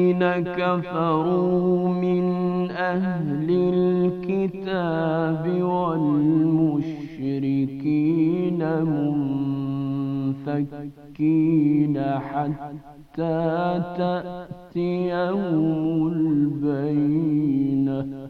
الذين كفروا من أهل الكتاب والمشركين منفكين حتى تأتيهم البينة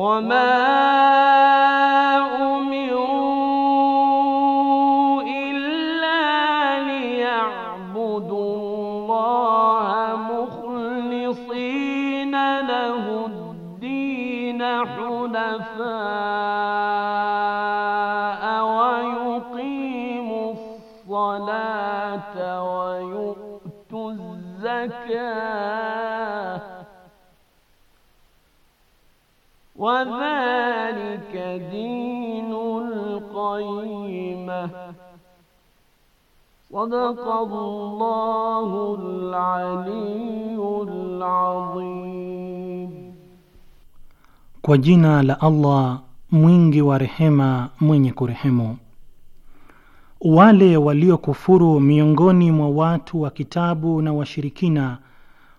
وما wa dhalika dinul qayyimah. Sadaqallahul aliyyul azim. Kwa jina la Allah mwingi wa rehema mwenye kurehemu. Wale waliokufuru miongoni mwa watu wa kitabu na washirikina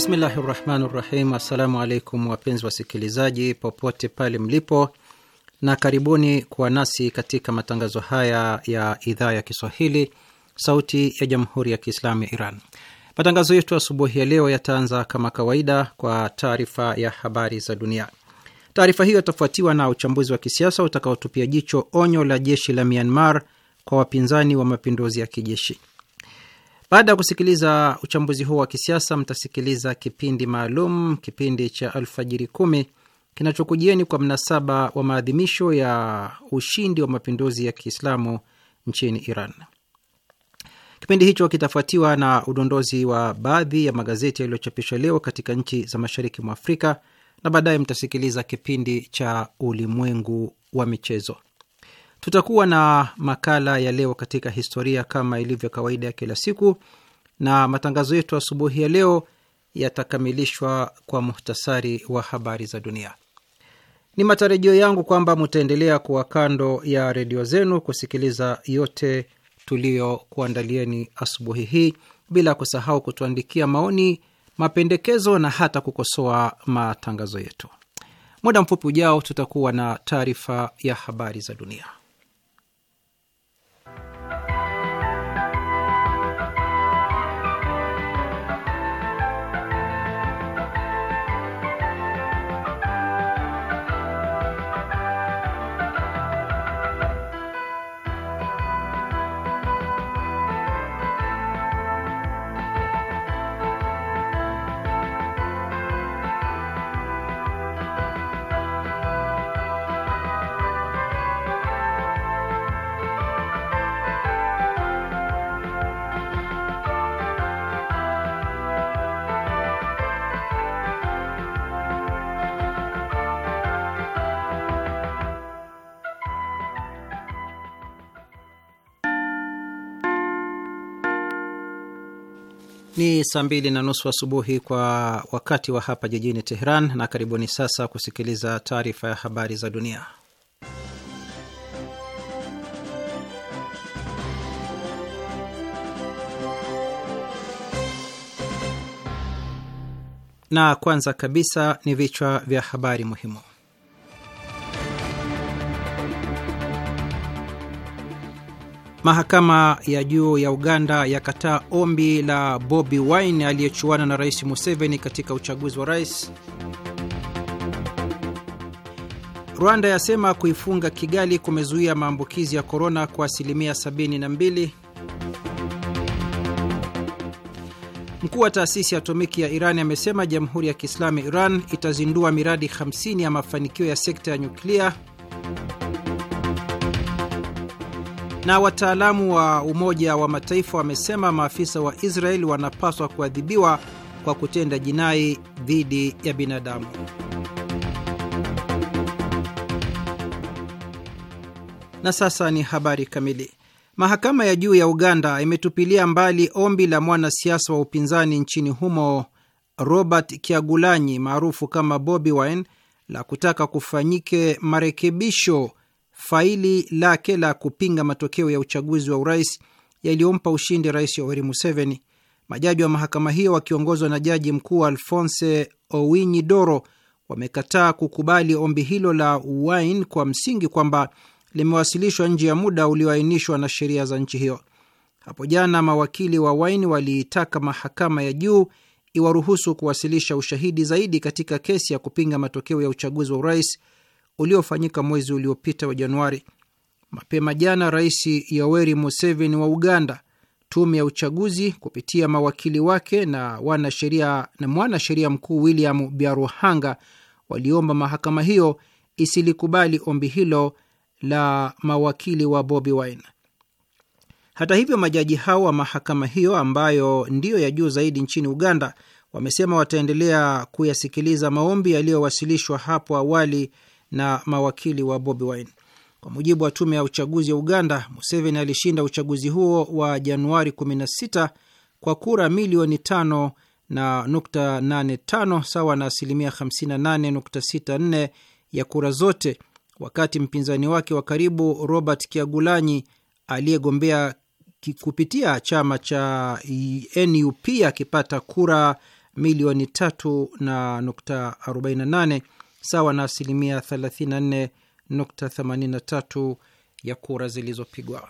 Bismillahi rahmani rahim. Assalamu alaikum wapenzi wasikilizaji popote pale mlipo, na karibuni kuwa nasi katika matangazo haya ya idhaa ya Kiswahili, Sauti ya Jamhuri ya Kiislamu ya Iran. Matangazo yetu asubuhi ya leo yataanza kama kawaida kwa taarifa ya habari za dunia. Taarifa hiyo itafuatiwa na uchambuzi wa kisiasa utakaotupia jicho onyo la jeshi la Myanmar kwa wapinzani wa mapinduzi ya kijeshi. Baada ya kusikiliza uchambuzi huu wa kisiasa, mtasikiliza kipindi maalum, kipindi cha Alfajiri Kumi kinachokujieni kwa mnasaba wa maadhimisho ya ushindi wa mapinduzi ya Kiislamu nchini Iran. Kipindi hicho kitafuatiwa na udondozi wa baadhi ya magazeti yaliyochapishwa leo katika nchi za mashariki mwa Afrika, na baadaye mtasikiliza kipindi cha Ulimwengu wa Michezo. Tutakuwa na makala ya leo katika historia kama ilivyo kawaida ya kila siku, na matangazo yetu asubuhi ya leo yatakamilishwa kwa muhtasari wa habari za dunia. Ni matarajio yangu kwamba mutaendelea kuwa kando ya redio zenu kusikiliza yote tuliyokuandalieni asubuhi hii, bila kusahau kutuandikia maoni, mapendekezo na hata kukosoa matangazo yetu. Muda mfupi ujao tutakuwa na taarifa ya habari za dunia. saa mbili na nusu asubuhi kwa wakati wa hapa jijini Teheran, na karibuni sasa kusikiliza taarifa ya habari za dunia. Na kwanza kabisa ni vichwa vya habari muhimu. Mahakama ya juu ya Uganda yakataa ombi la Bobi Wine aliyechuana na Rais Museveni katika uchaguzi wa rais. Rwanda yasema kuifunga Kigali kumezuia maambukizi ya korona kwa asilimia 72. Mkuu wa taasisi ya atomiki ya Iran amesema Jamhuri ya Kiislamu Iran itazindua miradi 50 ya mafanikio ya sekta ya nyuklia. Na wataalamu wa Umoja wa Mataifa wamesema maafisa wa Israeli wanapaswa kuadhibiwa kwa kutenda jinai dhidi ya binadamu. Na sasa ni habari kamili. Mahakama ya juu ya Uganda imetupilia mbali ombi la mwanasiasa wa upinzani nchini humo Robert Kyagulanyi maarufu kama Bobi Wine la kutaka kufanyike marekebisho faili lake la kupinga matokeo ya uchaguzi wa urais yaliyompa ushindi Rais Yoweri Museveni. Majaji wa mahakama hiyo wakiongozwa na jaji mkuu Alphonse Owinyi Doro wamekataa kukubali ombi hilo la Wine kwa msingi kwamba limewasilishwa nje ya muda ulioainishwa na sheria za nchi hiyo. Hapo jana mawakili wa Wine waliitaka mahakama ya juu iwaruhusu kuwasilisha ushahidi zaidi katika kesi ya kupinga matokeo ya uchaguzi wa urais uliofanyika mwezi uliopita wa Januari. Mapema jana, Rais Yoweri Museveni wa Uganda, tume ya uchaguzi kupitia mawakili wake na wanasheria na mwanasheria mkuu William Biaruhanga waliomba mahakama hiyo isilikubali ombi hilo la mawakili wa Bobi Wine. Hata hivyo, majaji hao wa mahakama hiyo ambayo ndiyo ya juu zaidi nchini Uganda wamesema wataendelea kuyasikiliza maombi yaliyowasilishwa hapo awali na mawakili wa Bobi Wine. Kwa mujibu wa tume ya uchaguzi ya Uganda, Museveni alishinda uchaguzi huo wa Januari 16 kwa kura milioni 5 na nukta 85 sawa na asilimia 58.64 ya kura zote, wakati mpinzani wake wa karibu Robert Kiagulanyi aliyegombea kupitia chama cha NUP akipata kura milioni 3 na nukta 48 sawa na asilimia 34.83 ya kura zilizopigwa.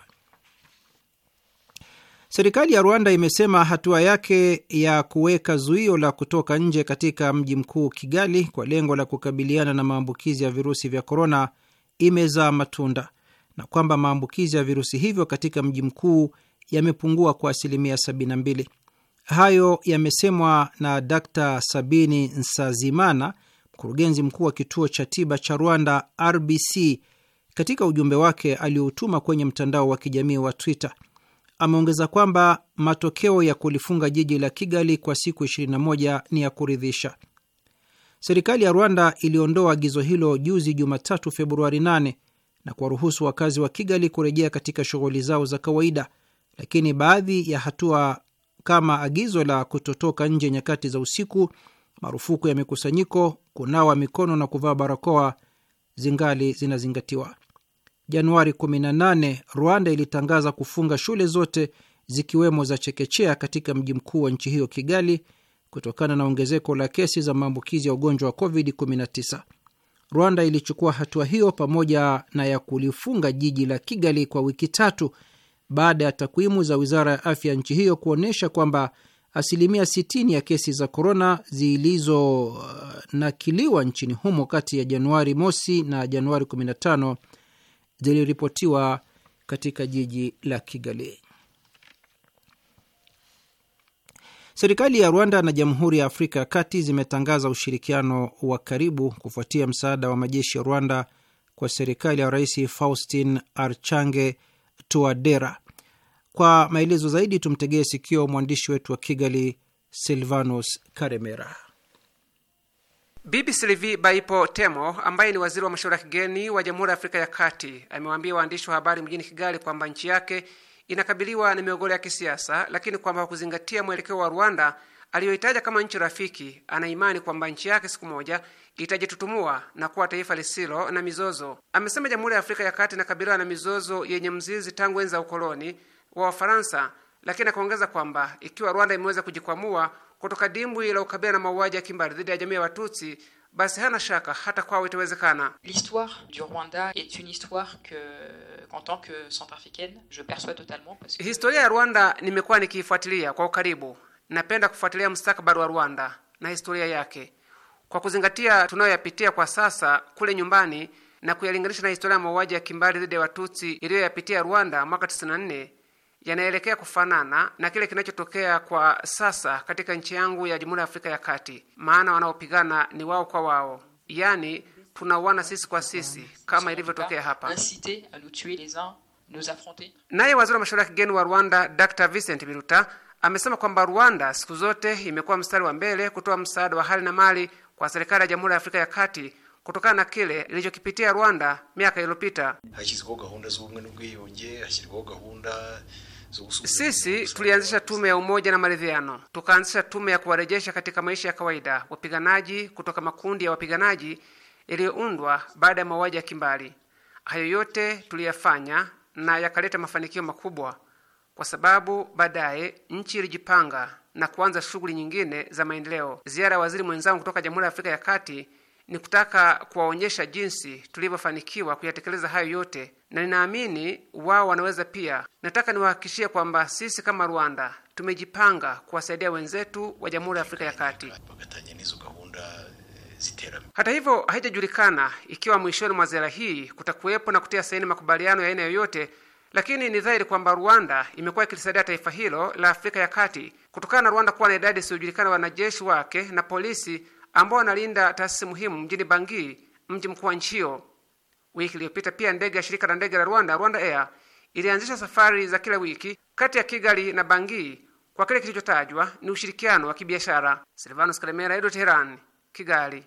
Serikali ya Rwanda imesema hatua yake ya kuweka zuio la kutoka nje katika mji mkuu Kigali kwa lengo la kukabiliana na maambukizi ya virusi vya korona imezaa matunda na kwamba maambukizi ya virusi hivyo katika mji mkuu yamepungua kwa asilimia 72. Hayo yamesemwa na d Sabini Nsazimana, mkurugenzi mkuu wa kituo cha tiba cha Rwanda RBC katika ujumbe wake alioutuma kwenye mtandao wa kijamii wa Twitter ameongeza kwamba matokeo ya kulifunga jiji la Kigali kwa siku 21 ni ya kuridhisha. Serikali ya Rwanda iliondoa agizo hilo juzi Jumatatu, Februari 8 na kuwaruhusu wakazi wa Kigali kurejea katika shughuli zao za kawaida, lakini baadhi ya hatua kama agizo la kutotoka nje nyakati za usiku marufuku ya mikusanyiko, kunawa mikono na kuvaa barakoa zingali zinazingatiwa. Januari 18 Rwanda ilitangaza kufunga shule zote zikiwemo za chekechea katika mji mkuu wa nchi hiyo Kigali, kutokana na ongezeko la kesi za maambukizi ya ugonjwa wa COVID-19. Rwanda ilichukua hatua hiyo pamoja na ya kulifunga jiji la Kigali kwa wiki tatu baada ya takwimu za wizara ya afya nchi hiyo kuonyesha kwamba asilimia 60 ya kesi za korona zilizonakiliwa uh, nchini humo kati ya Januari mosi na Januari 15 ziliripotiwa katika jiji la Kigali. Serikali ya Rwanda na Jamhuri ya Afrika ya Kati zimetangaza ushirikiano wa karibu kufuatia msaada wa majeshi ya Rwanda kwa serikali ya Rais Faustin Archange Touadera kwa maelezo zaidi tumtegee sikio mwandishi wetu wa Kigali, Silvanus Karemera. Bibi Silvi Baipo Temo ambaye ni waziri wa mashauri ya kigeni wa Jamhuri ya Afrika ya Kati amewaambia waandishi wa habari mjini Kigali kwamba nchi yake inakabiliwa na migogoro ya kisiasa, lakini kwamba kwa kuzingatia mwelekeo wa Rwanda aliyohitaja kama nchi rafiki, ana imani kwamba nchi yake siku moja itajitutumua na kuwa taifa lisilo na mizozo. Amesema Jamhuri ya Afrika ya Kati inakabiliwa na mizozo yenye mzizi tangu enzi za ukoloni wa Wafaransa, lakini akaongeza kwamba ikiwa Rwanda imeweza kujikwamua kutoka dimbwi la ukabila na mauaji ya kimbari dhidi ya jamii ya Watutsi basi hana shaka hata kwao itawezekana. L'histoire du Rwanda est une histoire que en tant que centrafricaine je perçois totalement parce que historia ya Rwanda nimekuwa nikiifuatilia kwa ukaribu. Napenda kufuatilia mustakabali wa Rwanda na historia yake kwa kuzingatia tunayoyapitia kwa sasa kule nyumbani na kuyalinganisha na historia ya mauaji ya kimbari dhidi ya Watutsi iliyoyapitia Rwanda mwaka 94 yanaelekea kufanana na kile kinachotokea kwa sasa katika nchi yangu ya Jamhuri ya Afrika ya Kati, maana wanaopigana ni wao kwa wao, yaani tunauana sisi kwa sisi kama ilivyotokea hapa. Naye waziri wa mashauri ya kigeni wa Rwanda Dr. Vincent Biruta amesema kwamba Rwanda siku zote imekuwa mstari wa mbele kutoa msaada wa hali na mali kwa serikali ya Jamhuri ya Afrika ya Kati kutokana na kile ilichokipitia Rwanda miaka iliyopita. Sisi tulianzisha tume ya umoja na maridhiano, tukaanzisha tume ya kuwarejesha katika maisha ya kawaida wapiganaji kutoka makundi ya wapiganaji yaliyoundwa baada ya mauaji ya kimbali. Hayo yote tuliyafanya na yakaleta mafanikio makubwa, kwa sababu baadaye nchi ilijipanga na kuanza shughuli nyingine za maendeleo. Ziara ya waziri mwenzangu kutoka Jamhuri ya Afrika ya Kati ni kutaka kuwaonyesha jinsi tulivyofanikiwa kuyatekeleza hayo yote, na ninaamini wao wanaweza pia. Nataka niwahakikishie kwamba sisi kama Rwanda tumejipanga kuwasaidia wenzetu wa Jamhuri ya Afrika ya Kati. Hata hivyo, haijajulikana ikiwa mwishoni mwa ziara hii kutakuwepo na kutia saini makubaliano ya aina yoyote, lakini ni dhahiri kwamba Rwanda imekuwa ikilisaidia taifa hilo la Afrika ya Kati kutokana na Rwanda kuwa na idadi isiyojulikana wanajeshi wake na polisi ambao wanalinda taasisi muhimu mjini Bangi, mji mkuu wa nchi hiyo. Wiki iliyopita pia ndege ya shirika la ndege la Rwanda, Rwanda Air, ilianzisha safari za kila wiki kati ya Kigali na Bangi kwa kile kilichotajwa ni ushirikiano wa kibiashara. Silvanus Kalemera, Edo Teheran, Kigali.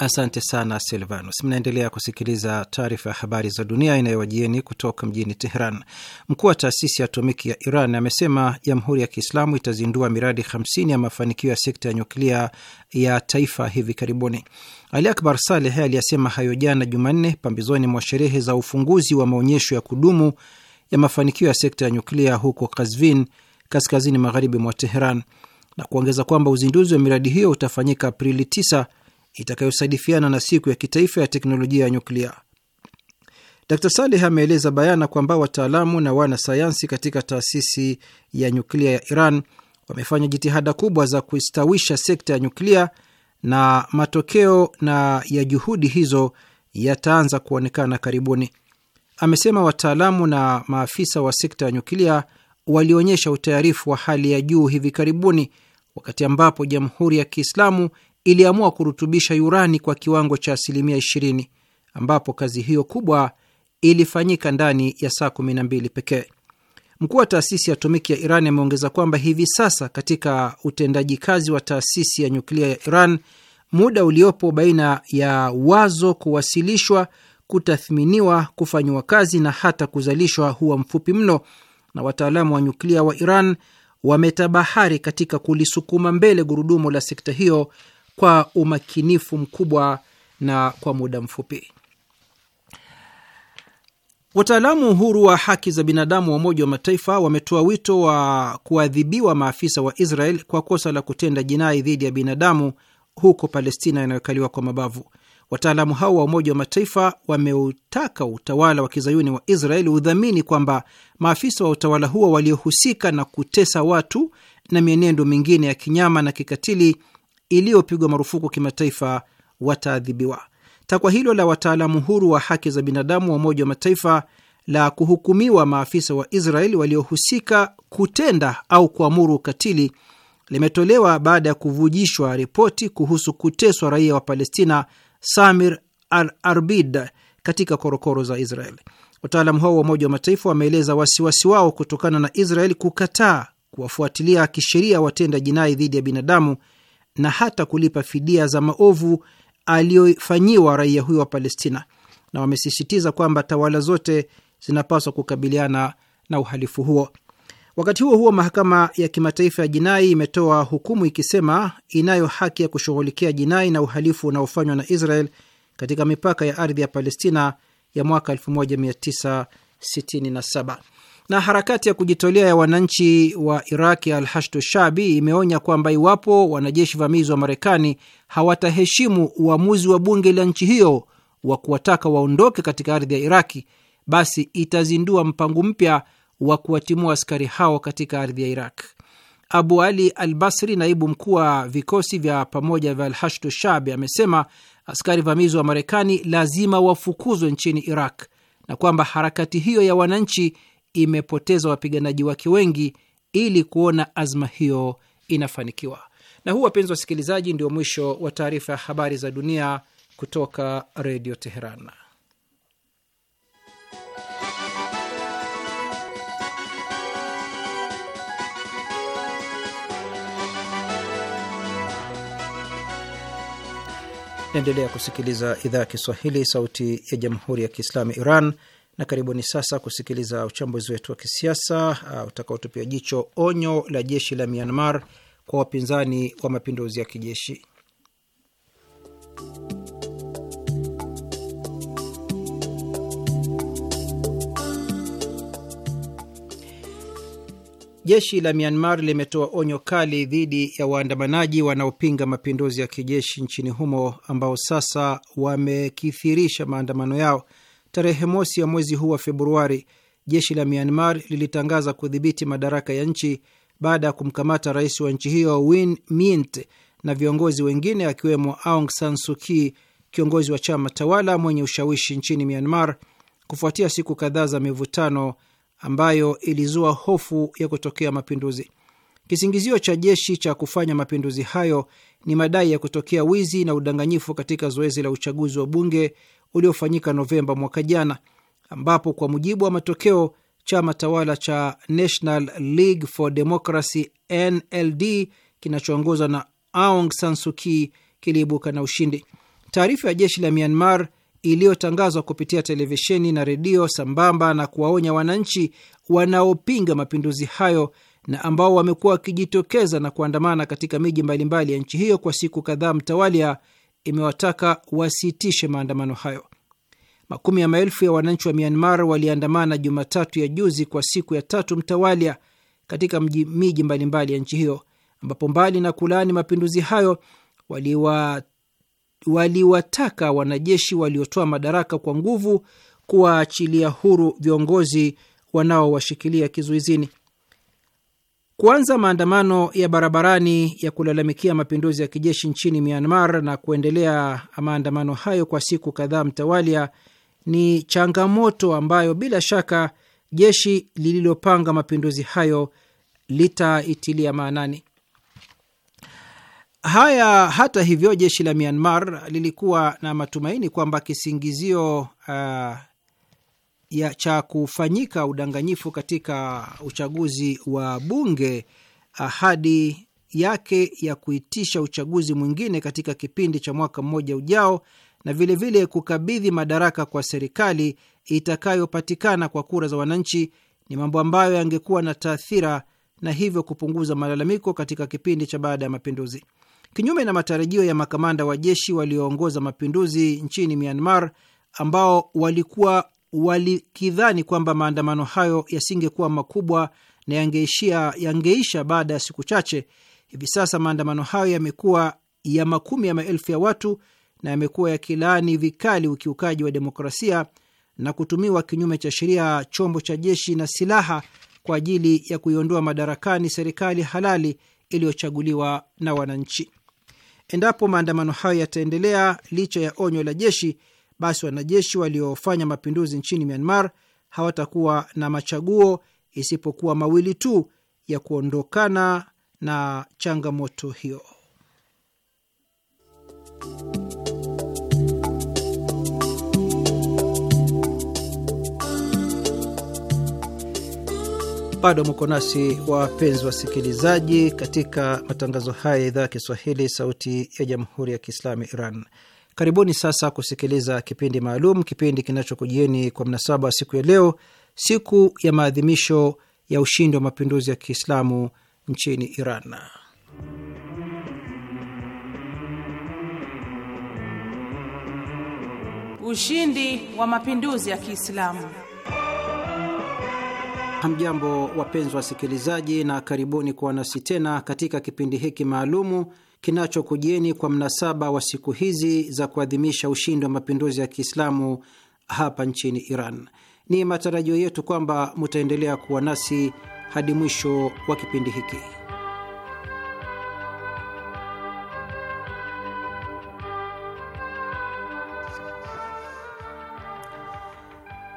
Asante sana Silvanus. Mnaendelea kusikiliza taarifa ya habari za dunia inayowajieni kutoka mjini Teheran. Mkuu wa taasisi ya atomiki ya Iran amesema Jamhuri ya Kiislamu itazindua miradi 50 ya mafanikio ya sekta ya nyuklia ya taifa hivi karibuni. Ali Akbar Saleh aliyasema hayo jana Jumanne pambizoni mwa sherehe za ufunguzi wa maonyesho ya kudumu ya mafanikio ya sekta ya nyuklia huko Kazvin, kaskazini magharibi mwa Teheran, na kuongeza kwamba uzinduzi wa miradi hiyo utafanyika Aprili 9 itakayosadifiana na siku ya kitaifa ya teknolojia ya nyuklia. Dr Saleh ameeleza bayana kwamba wataalamu na wanasayansi katika taasisi ya nyuklia ya Iran wamefanya jitihada kubwa za kustawisha sekta ya nyuklia na matokeo na ya juhudi hizo yataanza kuonekana karibuni. Amesema wataalamu na maafisa wa sekta ya nyuklia walionyesha utayarifu wa hali ya juu hivi karibuni, wakati ambapo Jamhuri ya Kiislamu iliamua kurutubisha urani kwa kiwango cha asilimia 20 ambapo kazi hiyo kubwa ilifanyika ndani ya saa 12 pekee. Mkuu wa taasisi ya atomiki ya Iran ameongeza kwamba hivi sasa katika utendaji kazi wa taasisi ya nyuklia ya Iran, muda uliopo baina ya wazo kuwasilishwa, kutathminiwa, kufanyiwa kazi na hata kuzalishwa huwa mfupi mno, na wataalamu wa nyuklia wa Iran wametabahari katika kulisukuma mbele gurudumu la sekta hiyo kwa umakinifu mkubwa na kwa muda mfupi. Wataalamu huru wa haki za binadamu wa Umoja wa Mataifa wametoa wito wa kuadhibiwa maafisa wa Israel kwa kosa la kutenda jinai dhidi ya binadamu huko Palestina inayokaliwa kwa mabavu. Wataalamu hao wa Umoja wa Mataifa wameutaka utawala wa kizayuni wa Israel udhamini kwamba maafisa wa utawala huo waliohusika na kutesa watu na mienendo mingine ya kinyama na kikatili iliyopigwa marufuku kimataifa wataadhibiwa. Takwa hilo la wataalamu huru wa haki za binadamu wa Umoja wa Mataifa la kuhukumiwa maafisa wa israel waliohusika kutenda au kuamuru ukatili limetolewa baada ya kuvujishwa ripoti kuhusu kuteswa raia wa Palestina Samir al Arbid katika korokoro za Israel. Wataalamu hao wa Umoja wa Mataifa wameeleza wasiwasi wao kutokana na Israel kukataa kuwafuatilia kisheria watenda jinai dhidi ya binadamu na hata kulipa fidia za maovu aliyofanyiwa raia huyo wa Palestina, na wamesisitiza kwamba tawala zote zinapaswa kukabiliana na uhalifu huo. Wakati huo huo, mahakama ya kimataifa ya jinai imetoa hukumu ikisema inayo haki ya kushughulikia jinai na uhalifu unaofanywa na Israel katika mipaka ya ardhi ya Palestina ya mwaka 1967. Na harakati ya kujitolea ya wananchi wa Iraki ya Hashdu Shabi imeonya kwamba iwapo wanajeshi vamizi wa Marekani hawataheshimu uamuzi wa bunge la nchi hiyo wa kuwataka waondoke katika ardhi ya Iraki, basi itazindua mpango mpya wa kuwatimua askari hao katika ardhi ya Iraq. Abu Ali Al Basri, naibu mkuu wa vikosi vya pamoja vya Alhashdu Shabi, amesema askari vamizi wa Marekani lazima wafukuzwe nchini Iraq na kwamba harakati hiyo ya wananchi imepoteza wapiganaji wake wengi ili kuona azma hiyo inafanikiwa. Na huu, wapenzi wasikilizaji, ndio mwisho wa taarifa ya habari za dunia kutoka Redio Teheran. Naendelea kusikiliza idhaa ya Kiswahili, sauti ya jamhuri ya kiislamu Iran na karibuni sasa kusikiliza uchambuzi wetu wa kisiasa uh, utakaotupia jicho onyo la jeshi la Myanmar kwa wapinzani wa mapinduzi ya kijeshi. Jeshi la Myanmar limetoa onyo kali dhidi ya waandamanaji wanaopinga mapinduzi ya kijeshi nchini humo ambao sasa wamekithirisha maandamano yao. Tarehe mosi ya mwezi huu wa Februari, jeshi la Myanmar lilitangaza kudhibiti madaraka ya nchi baada ya kumkamata rais wa nchi hiyo Win Myint na viongozi wengine akiwemo Aung San Suu Kyi, kiongozi wa chama tawala mwenye ushawishi nchini Myanmar, kufuatia siku kadhaa za mivutano ambayo ilizua hofu ya kutokea mapinduzi. Kisingizio cha jeshi cha kufanya mapinduzi hayo ni madai ya kutokea wizi na udanganyifu katika zoezi la uchaguzi wa bunge uliofanyika Novemba mwaka jana, ambapo kwa mujibu wa matokeo chama tawala cha National League for Democracy NLD kinachoongozwa na Aung San Suu Kyi kiliibuka na ushindi. Taarifa ya jeshi la Myanmar iliyotangazwa kupitia televisheni na redio sambamba na kuwaonya wananchi wanaopinga mapinduzi hayo na ambao wamekuwa wakijitokeza na kuandamana katika miji mbalimbali ya nchi hiyo kwa siku kadhaa mtawalia imewataka wasitishe maandamano hayo. Makumi ya maelfu ya wananchi wa Myanmar waliandamana Jumatatu ya juzi kwa siku ya tatu mtawalia katika miji mbalimbali ya nchi hiyo, ambapo mbali na kulaani mapinduzi hayo waliwataka wali wanajeshi waliotoa madaraka kwa nguvu kuwaachilia huru viongozi wanaowashikilia kizuizini. Kuanza maandamano ya barabarani ya kulalamikia mapinduzi ya kijeshi nchini Myanmar na kuendelea maandamano hayo kwa siku kadhaa mtawalia ni changamoto ambayo bila shaka jeshi lililopanga mapinduzi hayo litaitilia maanani. Haya, hata hivyo, jeshi la Myanmar lilikuwa na matumaini kwamba kisingizio uh, ya cha kufanyika udanganyifu katika uchaguzi wa bunge, ahadi yake ya kuitisha uchaguzi mwingine katika kipindi cha mwaka mmoja ujao, na vilevile kukabidhi madaraka kwa serikali itakayopatikana kwa kura za wananchi, ni mambo ambayo yangekuwa na taathira na hivyo kupunguza malalamiko katika kipindi cha baada ya mapinduzi. Kinyume na matarajio ya makamanda wa jeshi walioongoza mapinduzi nchini Myanmar ambao walikuwa walikidhani kwamba maandamano hayo yasingekuwa makubwa na yangeishia yangeisha baada ya siku chache. Hivi sasa maandamano hayo yamekuwa ya makumi ya maelfu ya watu na yamekuwa yakilaani vikali ukiukaji wa demokrasia na kutumiwa kinyume cha sheria chombo cha jeshi na silaha kwa ajili ya kuiondoa madarakani serikali halali iliyochaguliwa na wananchi. Endapo maandamano hayo yataendelea licha ya onyo la jeshi, basi wanajeshi waliofanya mapinduzi nchini Myanmar hawatakuwa na machaguo isipokuwa mawili tu ya kuondokana na changamoto hiyo. Bado mko nasi wapenzi wasikilizaji, katika matangazo haya ya idhaa ya Kiswahili, sauti ya jamhuri ya kiislamu ya Iran. Karibuni sasa kusikiliza kipindi maalum, kipindi kinachokujieni kwa mnasaba siku ya leo, siku ya maadhimisho ya ushindi wa mapinduzi ya Kiislamu nchini Iran. Ushindi wa mapinduzi ya Kiislamu. Hamjambo wapenzi wasikilizaji, na karibuni kuwa nasi tena katika kipindi hiki maalumu kinachokujieni kwa mnasaba wa siku hizi za kuadhimisha ushindi wa mapinduzi ya Kiislamu hapa nchini Iran. Ni matarajio yetu kwamba mutaendelea kuwa nasi hadi mwisho wa kipindi hiki.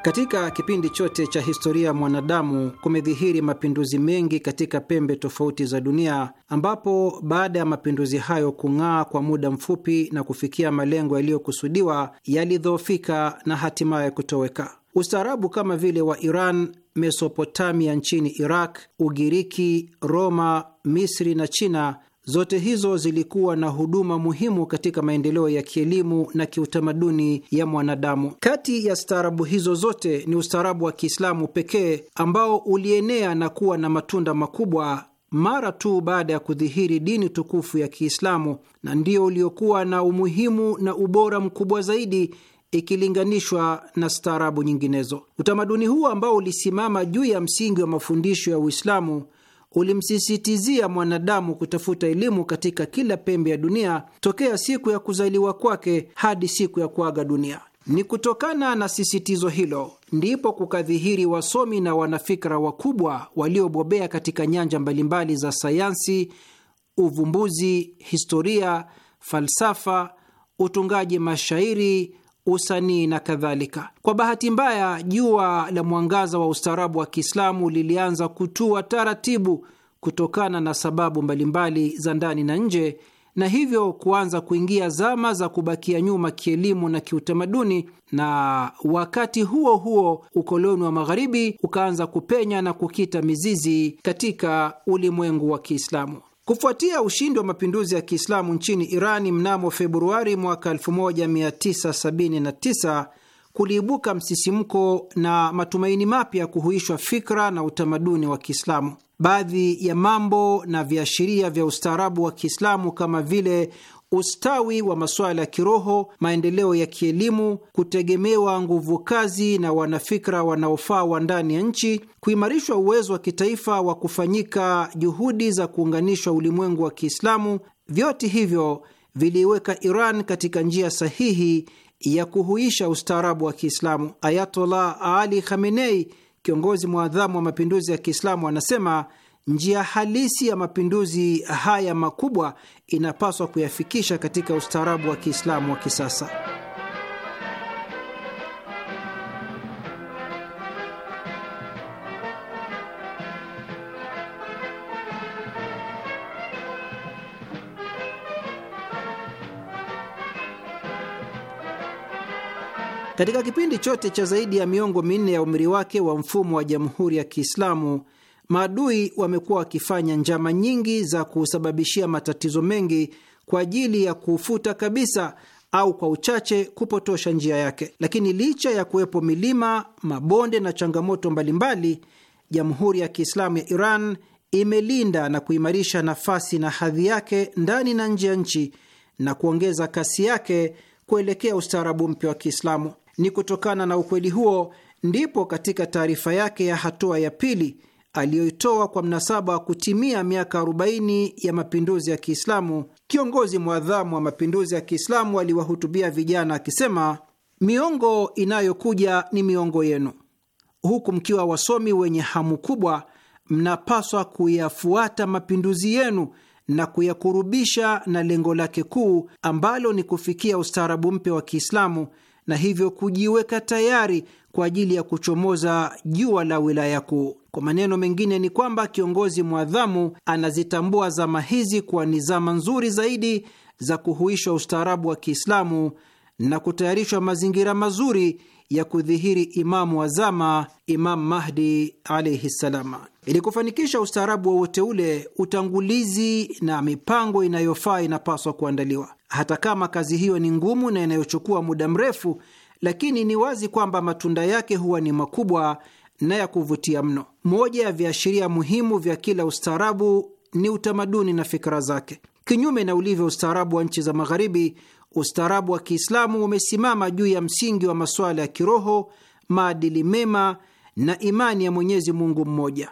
Katika kipindi chote cha historia ya mwanadamu kumedhihiri mapinduzi mengi katika pembe tofauti za dunia, ambapo baada ya mapinduzi hayo kung'aa kwa muda mfupi na kufikia malengo yaliyokusudiwa, yalidhoofika na hatimaye kutoweka. Ustaarabu kama vile wa Iran, Mesopotamia nchini Iraq, Ugiriki, Roma, Misri na China Zote hizo zilikuwa na huduma muhimu katika maendeleo ya kielimu na kiutamaduni ya mwanadamu. Kati ya staarabu hizo zote ni ustaarabu wa Kiislamu pekee ambao ulienea na kuwa na matunda makubwa mara tu baada ya kudhihiri dini tukufu ya Kiislamu, na ndio uliokuwa na umuhimu na ubora mkubwa zaidi ikilinganishwa na staarabu nyinginezo. Utamaduni huu ambao ulisimama juu ya msingi wa mafundisho ya Uislamu ulimsisitizia mwanadamu kutafuta elimu katika kila pembe ya dunia tokea siku ya kuzaliwa kwake hadi siku ya kuaga dunia. Ni kutokana na sisitizo hilo ndipo kukadhihiri wasomi na wanafikra wakubwa waliobobea katika nyanja mbalimbali za sayansi, uvumbuzi, historia, falsafa, utungaji mashairi usanii na kadhalika. Kwa bahati mbaya, jua la mwangaza wa ustaarabu wa Kiislamu lilianza kutua taratibu kutokana na sababu mbalimbali za ndani na nje, na hivyo kuanza kuingia zama za kubakia nyuma kielimu na kiutamaduni. Na wakati huo huo, ukoloni wa Magharibi ukaanza kupenya na kukita mizizi katika ulimwengu wa Kiislamu. Kufuatia ushindi wa mapinduzi ya Kiislamu nchini Irani mnamo Februari mwaka 1979 kuliibuka msisimko na matumaini mapya ya kuhuishwa fikra na utamaduni wa Kiislamu. Baadhi ya mambo na viashiria vya ustaarabu wa Kiislamu kama vile ustawi wa masuala ya kiroho, maendeleo ya kielimu, kutegemewa nguvu kazi na wanafikra wanaofaa wa ndani ya nchi, kuimarishwa uwezo wa kitaifa wa kufanyika juhudi za kuunganishwa ulimwengu wa Kiislamu, vyote hivyo viliiweka Iran katika njia sahihi ya kuhuisha ustaarabu wa Kiislamu. Ayatollah Ali Khamenei, kiongozi mwadhamu wa mapinduzi ya Kiislamu, anasema Njia halisi ya mapinduzi haya makubwa inapaswa kuyafikisha katika ustaarabu wa Kiislamu wa kisasa. Katika kipindi chote cha zaidi ya miongo minne ya umri wake wa mfumo wa Jamhuri ya Kiislamu Maadui wamekuwa wakifanya njama nyingi za kusababishia matatizo mengi kwa ajili ya kufuta kabisa au kwa uchache kupotosha njia yake. Lakini licha ya kuwepo milima, mabonde na changamoto mbalimbali, Jamhuri ya Kiislamu ya Iran imelinda na kuimarisha nafasi na hadhi yake ndani na nje ya nchi na kuongeza kasi yake kuelekea ustaarabu mpya wa Kiislamu. Ni kutokana na ukweli huo ndipo katika taarifa yake ya hatua ya pili aliyoitoa kwa mnasaba wa kutimia miaka 40 ya mapinduzi ya Kiislamu, kiongozi mwadhamu wa mapinduzi ya Kiislamu aliwahutubia vijana akisema, miongo inayokuja ni miongo yenu, huku mkiwa wasomi wenye hamu kubwa, mnapaswa kuyafuata mapinduzi yenu na kuyakurubisha na lengo lake kuu ambalo ni kufikia ustaarabu mpya wa Kiislamu na hivyo kujiweka tayari kwa ajili ya kuchomoza jua la wilaya kuu. Kwa maneno mengine ni kwamba kiongozi mwadhamu anazitambua zama hizi kuwa ni zama nzuri zaidi za kuhuisha ustaarabu wa Kiislamu na kutayarishwa mazingira mazuri ya kudhihiri imamu wa zama, Imamu Mahdi alaihi ssalama. Ili kufanikisha ustaarabu wowote ule, utangulizi na mipango inayofaa inapaswa kuandaliwa, hata kama kazi hiyo ni ngumu na inayochukua muda mrefu, lakini ni wazi kwamba matunda yake huwa ni makubwa na ya kuvutia mno. Moja ya viashiria muhimu vya kila ustaarabu ni utamaduni na fikra zake. Kinyume na ulivyo ustaarabu wa nchi za Magharibi, Ustaarabu wa Kiislamu umesimama juu ya msingi wa masuala ya kiroho, maadili mema na imani ya Mwenyezi Mungu mmoja.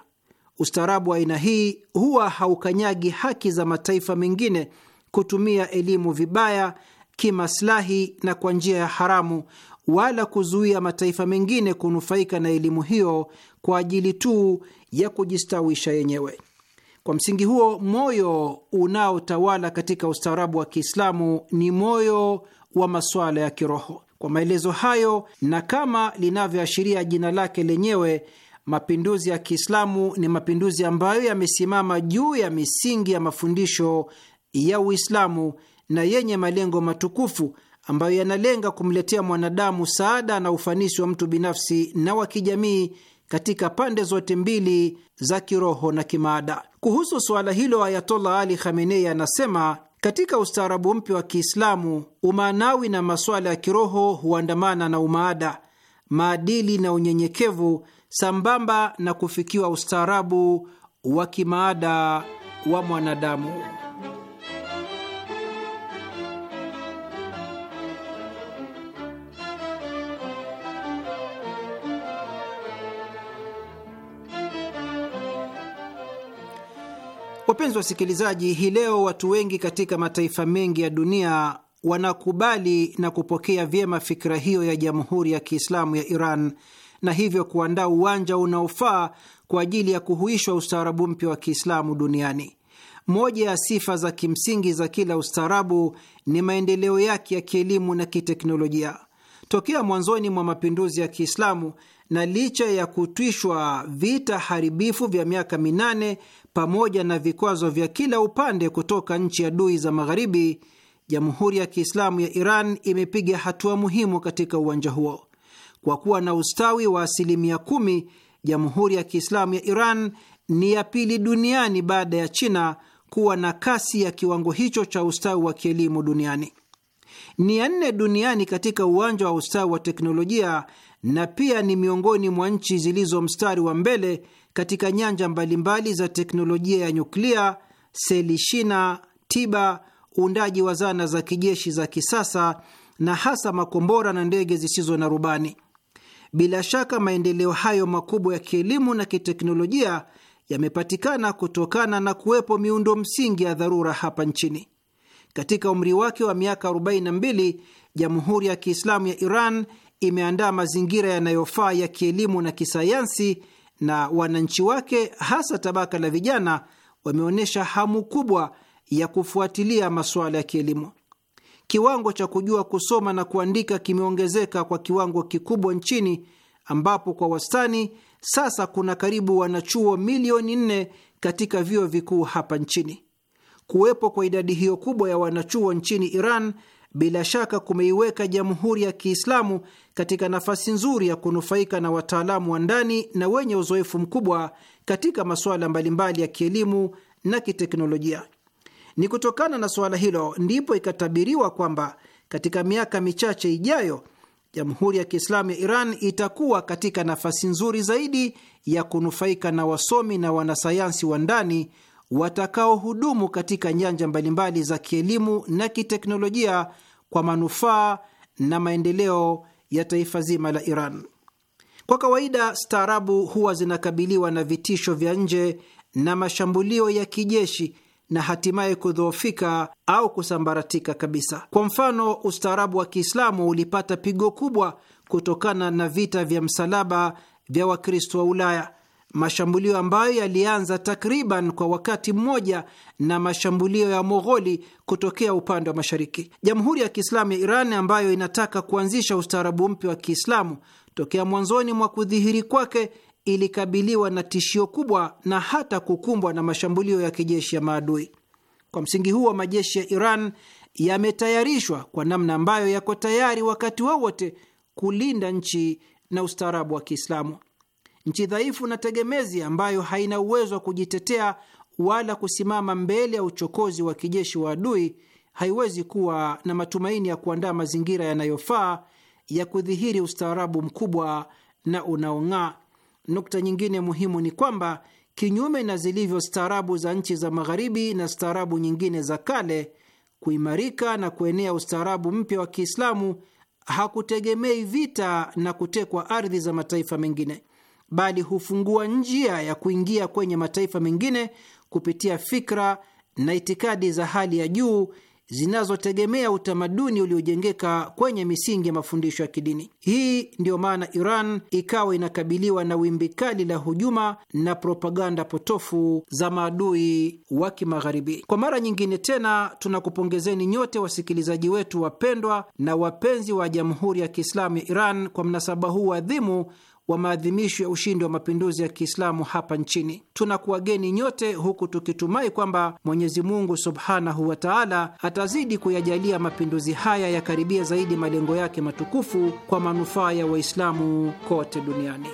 Ustaarabu wa aina hii huwa haukanyagi haki za mataifa mengine kutumia elimu vibaya, kimaslahi na kwa njia ya haramu, wala kuzuia mataifa mengine kunufaika na elimu hiyo kwa ajili tu ya kujistawisha yenyewe. Kwa msingi huo, moyo unaotawala katika ustaarabu wa Kiislamu ni moyo wa masuala ya kiroho. Kwa maelezo hayo na kama linavyoashiria jina lake lenyewe, mapinduzi ya Kiislamu ni mapinduzi ambayo yamesimama juu ya misingi ya mafundisho ya Uislamu na yenye malengo matukufu ambayo yanalenga kumletea mwanadamu saada na ufanisi wa mtu binafsi na wa kijamii katika pande zote mbili za kiroho na kimaada. Kuhusu suala hilo, Ayatollah Ali Khamenei anasema katika ustaarabu mpya wa Kiislamu, umaanawi na masuala ya kiroho huandamana na umaada, maadili na unyenyekevu, sambamba na kufikiwa ustaarabu wa kimaada wa mwanadamu. Wapenzi wasikilizaji, hii leo watu wengi katika mataifa mengi ya dunia wanakubali na kupokea vyema fikra hiyo ya Jamhuri ya Kiislamu ya Iran na hivyo kuandaa uwanja unaofaa kwa ajili ya kuhuishwa ustaarabu mpya wa Kiislamu duniani. Moja ya sifa za kimsingi za kila ustaarabu ni maendeleo yake ya kielimu na kiteknolojia. Tokea mwanzoni mwa mapinduzi ya Kiislamu, na licha ya kutwishwa vita haribifu vya miaka minane pamoja na vikwazo vya kila upande kutoka nchi adui za Magharibi, Jamhuri ya Kiislamu ya Iran imepiga hatua muhimu katika uwanja huo kwa kuwa na ustawi wa asilimia kumi. Jamhuri ya Kiislamu ya Iran ni ya pili duniani baada ya China kuwa na kasi ya kiwango hicho cha ustawi wa kielimu duniani. Ni ya nne duniani katika uwanja wa ustawi wa teknolojia na pia ni miongoni mwa nchi zilizo mstari wa mbele katika nyanja mbalimbali za teknolojia ya nyuklia, seli shina, tiba, uundaji wa zana za kijeshi za kisasa na hasa makombora na ndege zisizo na rubani. Bila shaka maendeleo hayo makubwa ya kielimu na kiteknolojia yamepatikana kutokana na kuwepo miundo msingi ya dharura hapa nchini. Katika umri wake wa miaka 42, Jamhuri ya Kiislamu ya Iran imeandaa mazingira yanayofaa ya kielimu na kisayansi, na wananchi wake, hasa tabaka la vijana, wameonyesha hamu kubwa ya kufuatilia masuala ya kielimu. Kiwango cha kujua kusoma na kuandika kimeongezeka kwa kiwango kikubwa nchini, ambapo kwa wastani sasa kuna karibu wanachuo milioni nne katika vyuo vikuu hapa nchini. Kuwepo kwa idadi hiyo kubwa ya wanachuo nchini Iran bila shaka kumeiweka Jamhuri ya Kiislamu katika nafasi nzuri ya kunufaika na wataalamu wa ndani na wenye uzoefu mkubwa katika masuala mbalimbali ya kielimu na kiteknolojia. Ni kutokana na suala hilo ndipo ikatabiriwa kwamba katika miaka michache ijayo Jamhuri ya Kiislamu ya Iran itakuwa katika nafasi nzuri zaidi ya kunufaika na wasomi na wanasayansi wa ndani watakaohudumu katika nyanja mbalimbali za kielimu na kiteknolojia kwa manufaa na maendeleo ya taifa zima la Iran. Kwa kawaida, staarabu huwa zinakabiliwa na vitisho vya nje na mashambulio ya kijeshi na hatimaye kudhoofika au kusambaratika kabisa. Kwa mfano, ustaarabu wa Kiislamu ulipata pigo kubwa kutokana na vita vya msalaba vya Wakristo wa Ulaya mashambulio ambayo yalianza takriban kwa wakati mmoja na mashambulio ya Mogholi kutokea upande wa mashariki. Jamhuri ya Kiislamu ya Iran ambayo inataka kuanzisha ustaarabu mpya wa Kiislamu tokea mwanzoni mwa kudhihiri kwake ilikabiliwa na tishio kubwa na hata kukumbwa na mashambulio ya kijeshi ya maadui. Kwa msingi huo, majeshi ya Iran yametayarishwa kwa namna ambayo yako tayari wakati wowote kulinda nchi na ustaarabu wa Kiislamu nchi dhaifu na tegemezi ambayo haina uwezo wa kujitetea wala kusimama mbele ya uchokozi wa kijeshi wa adui haiwezi kuwa na matumaini ya kuandaa mazingira yanayofaa ya kudhihiri ustaarabu mkubwa na unaong'aa. Nukta nyingine muhimu ni kwamba kinyume na zilivyo staarabu za nchi za Magharibi na staarabu nyingine za kale, kuimarika na kuenea ustaarabu mpya wa Kiislamu hakutegemei vita na kutekwa ardhi za mataifa mengine bali hufungua njia ya kuingia kwenye mataifa mengine kupitia fikra na itikadi za hali ya juu zinazotegemea utamaduni uliojengeka kwenye misingi ya mafundisho ya kidini. Hii ndiyo maana Iran ikawa inakabiliwa na wimbi kali la hujuma na propaganda potofu za maadui wa Kimagharibi. Kwa mara nyingine tena, tunakupongezeni nyote wasikilizaji wetu wapendwa na wapenzi wa Jamhuri ya Kiislamu ya Iran kwa mnasaba huu adhimu wa maadhimisho ya ushindi wa mapinduzi ya Kiislamu hapa nchini. Tunakuwageni nyote huku tukitumai kwamba Mwenyezi Mungu subhanahu wa taala atazidi kuyajalia mapinduzi haya yakaribia zaidi malengo yake matukufu kwa manufaa ya Waislamu kote duniani.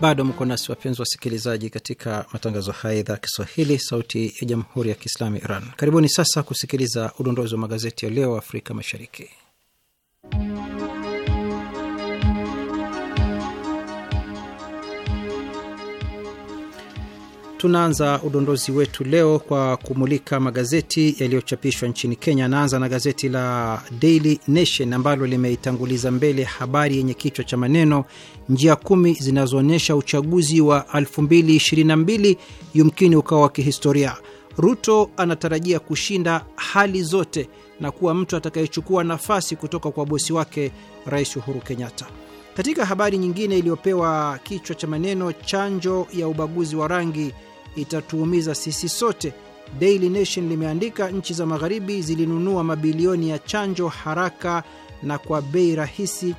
Bado mko nasi wapenzi wasikilizaji, katika matangazo haya idhaa ya Kiswahili, sauti ya jamhuri ya kiislamu Iran. Karibuni sasa kusikiliza udondozi wa magazeti ya leo Afrika Mashariki. Tunaanza udondozi wetu leo kwa kumulika magazeti yaliyochapishwa nchini Kenya. Naanza na gazeti la Daily Nation ambalo limeitanguliza mbele habari yenye kichwa cha maneno njia kumi zinazoonyesha uchaguzi wa 2022 yumkini ukawa wa kihistoria. Ruto anatarajia kushinda hali zote na kuwa mtu atakayechukua nafasi kutoka kwa bosi wake Rais Uhuru Kenyatta. Katika habari nyingine iliyopewa kichwa cha maneno chanjo ya ubaguzi wa rangi itatuumiza sisi sote. Daily Nation limeandika nchi za magharibi zilinunua mabilioni ya chanjo haraka na kwa bei rahisi,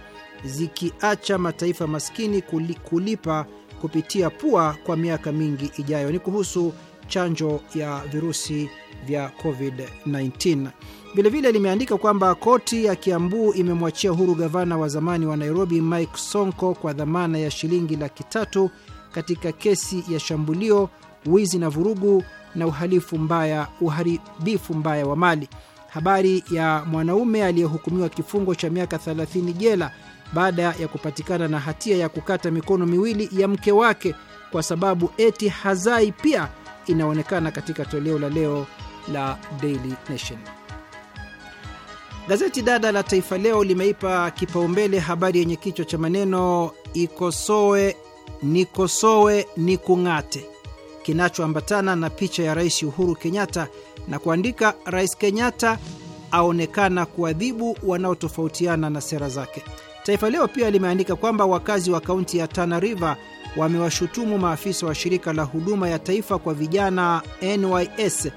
zikiacha mataifa maskini kulipa kupitia pua kwa miaka mingi ijayo. Ni kuhusu chanjo ya virusi vya COVID-19. Vilevile limeandika kwamba koti ya Kiambu imemwachia huru gavana wa zamani wa Nairobi Mike Sonko kwa dhamana ya shilingi laki tatu katika kesi ya shambulio wizi na vurugu na uhalifu mbaya, uharibifu mbaya wa mali. Habari ya mwanaume aliyehukumiwa kifungo cha miaka 30 jela baada ya kupatikana na hatia ya kukata mikono miwili ya mke wake kwa sababu eti hazai pia inaonekana katika toleo la leo la Daily Nation. Gazeti dada la Taifa Leo limeipa kipaumbele habari yenye kichwa cha maneno ikosoe nikosoe nikung'ate kinachoambatana na picha ya Rais Uhuru Kenyatta na kuandika, Rais Kenyatta aonekana kuadhibu wanaotofautiana na sera zake. Taifa Leo pia limeandika kwamba wakazi wa kaunti ya Tana River wamewashutumu maafisa wa shirika la huduma ya taifa kwa vijana NYS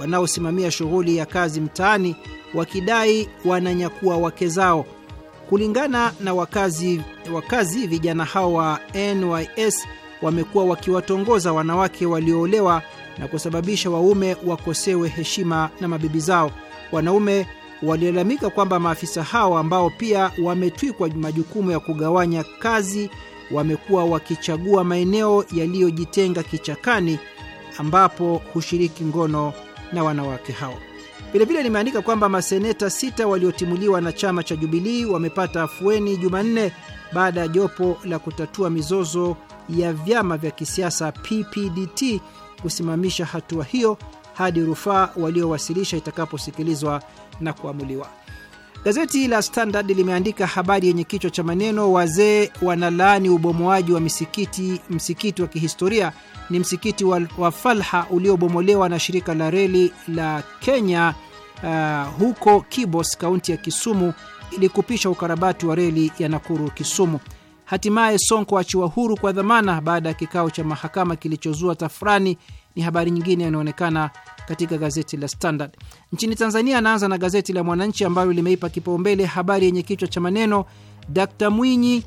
wanaosimamia shughuli ya kazi mtaani wakidai wananyakua wake zao. Kulingana na wakazi, wakazi vijana hao wa NYS wamekuwa wakiwatongoza wanawake walioolewa na kusababisha waume wakosewe heshima na mabibi zao. Wanaume walilalamika kwamba maafisa hao ambao pia wametwikwa majukumu ya kugawanya kazi wamekuwa wakichagua maeneo yaliyojitenga kichakani, ambapo hushiriki ngono na wanawake hao. Vilevile limeandika kwamba maseneta sita waliotimuliwa na chama cha Jubilii wamepata afueni Jumanne baada ya jopo la kutatua mizozo ya vyama vya kisiasa PPDT kusimamisha hatua hiyo hadi rufaa waliowasilisha itakaposikilizwa na kuamuliwa. Gazeti la Standard limeandika habari yenye kichwa cha maneno wazee wanalaani ubomoaji wa misikiti. Msikiti wa kihistoria ni msikiti wa, wa Falha uliobomolewa na shirika la reli la Kenya uh, huko Kibos, kaunti ya Kisumu, ili kupisha ukarabati wa reli ya Nakuru Kisumu. Hatimaye Sonko achiwa huru kwa dhamana baada ya kikao cha mahakama kilichozua tafurani ni habari nyingine inaonekana katika gazeti la Standard. Nchini Tanzania, anaanza na gazeti la Mwananchi ambalo limeipa kipaumbele habari yenye kichwa cha maneno Dkt Mwinyi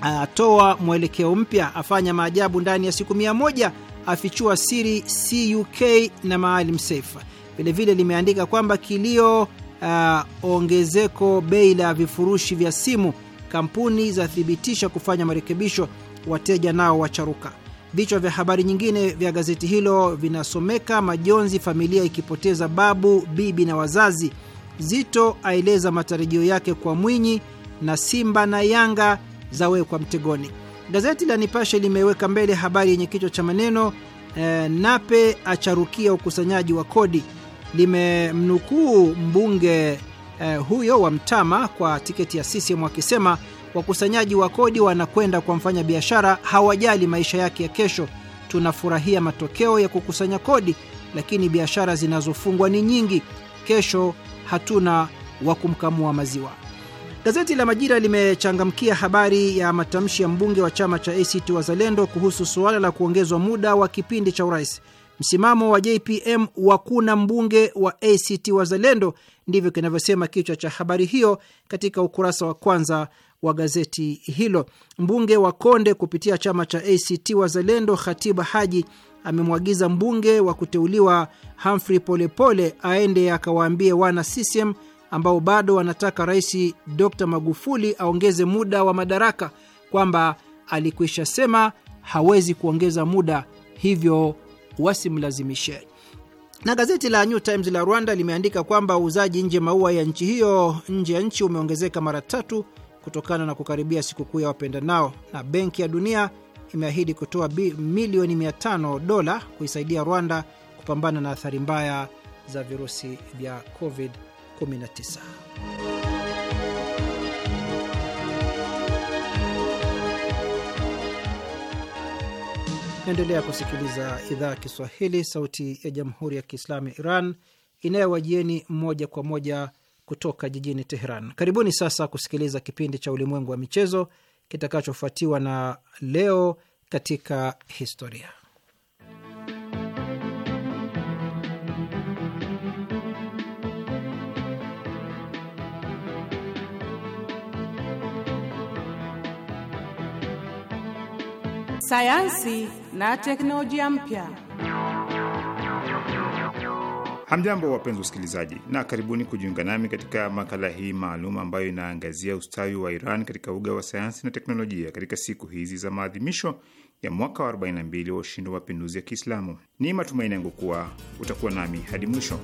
atoa mwelekeo mpya, afanya maajabu ndani ya siku mia moja, afichua siri CUK na Maalim Seif. Vilevile limeandika kwamba kilio uh, ongezeko bei la vifurushi vya simu kampuni zathibitisha kufanya marekebisho, wateja nao wacharuka. Vichwa vya habari nyingine vya gazeti hilo vinasomeka: majonzi, familia ikipoteza babu, bibi na wazazi; Zito aeleza matarajio yake kwa Mwinyi; na Simba na Yanga zawekwa mtegoni. Gazeti la Nipashe limeweka mbele habari yenye kichwa cha maneno eh, Nape acharukia ukusanyaji wa kodi. Limemnukuu mbunge eh, huyo wa mtama kwa tiketi ya CCM akisema wakusanyaji wa kodi wanakwenda kwa mfanya biashara hawajali maisha yake ya kesho. Tunafurahia matokeo ya kukusanya kodi, lakini biashara zinazofungwa ni nyingi. Kesho hatuna wa kumkamua maziwa. Gazeti la Majira limechangamkia habari ya matamshi ya mbunge wa chama cha ACT Wazalendo kuhusu suala la kuongezwa muda wa kipindi cha urais. Msimamo wa JPM wakuna mbunge wa ACT Wazalendo Ndivyo kinavyosema kichwa cha habari hiyo katika ukurasa wa kwanza wa gazeti hilo. Mbunge wa Konde kupitia chama cha ACT Wazalendo, Khatiba Haji amemwagiza mbunge wa kuteuliwa Humphrey Polepole aende akawaambie wana CCM ambao bado wanataka Rais Dr Magufuli aongeze muda wa madaraka kwamba alikwisha sema hawezi kuongeza muda, hivyo wasimlazimisheni. Na gazeti la New Times la Rwanda limeandika kwamba uuzaji nje maua ya nchi hiyo nje ya nchi umeongezeka mara tatu kutokana na kukaribia sikukuu ya wapenda nao na Benki ya Dunia imeahidi kutoa milioni 500 dola kuisaidia Rwanda kupambana na athari mbaya za virusi vya COVID-19. Naendelea kusikiliza idhaa ya Kiswahili, sauti ya jamhuri ya kiislamu ya Iran inayowajieni moja kwa moja kutoka jijini Teheran. Karibuni sasa kusikiliza kipindi cha ulimwengu wa michezo kitakachofuatiwa na leo katika historia. sayansi na teknolojia mpya. Hamjambo, wapenzi wasikilizaji, na karibuni kujiunga nami katika makala hii maalum ambayo inaangazia ustawi wa Iran katika uga wa sayansi na teknolojia katika siku hizi za maadhimisho ya mwaka wa 42 wa ushindi wa mapinduzi ya Kiislamu. Ni matumaini yangu kuwa utakuwa nami hadi mwisho.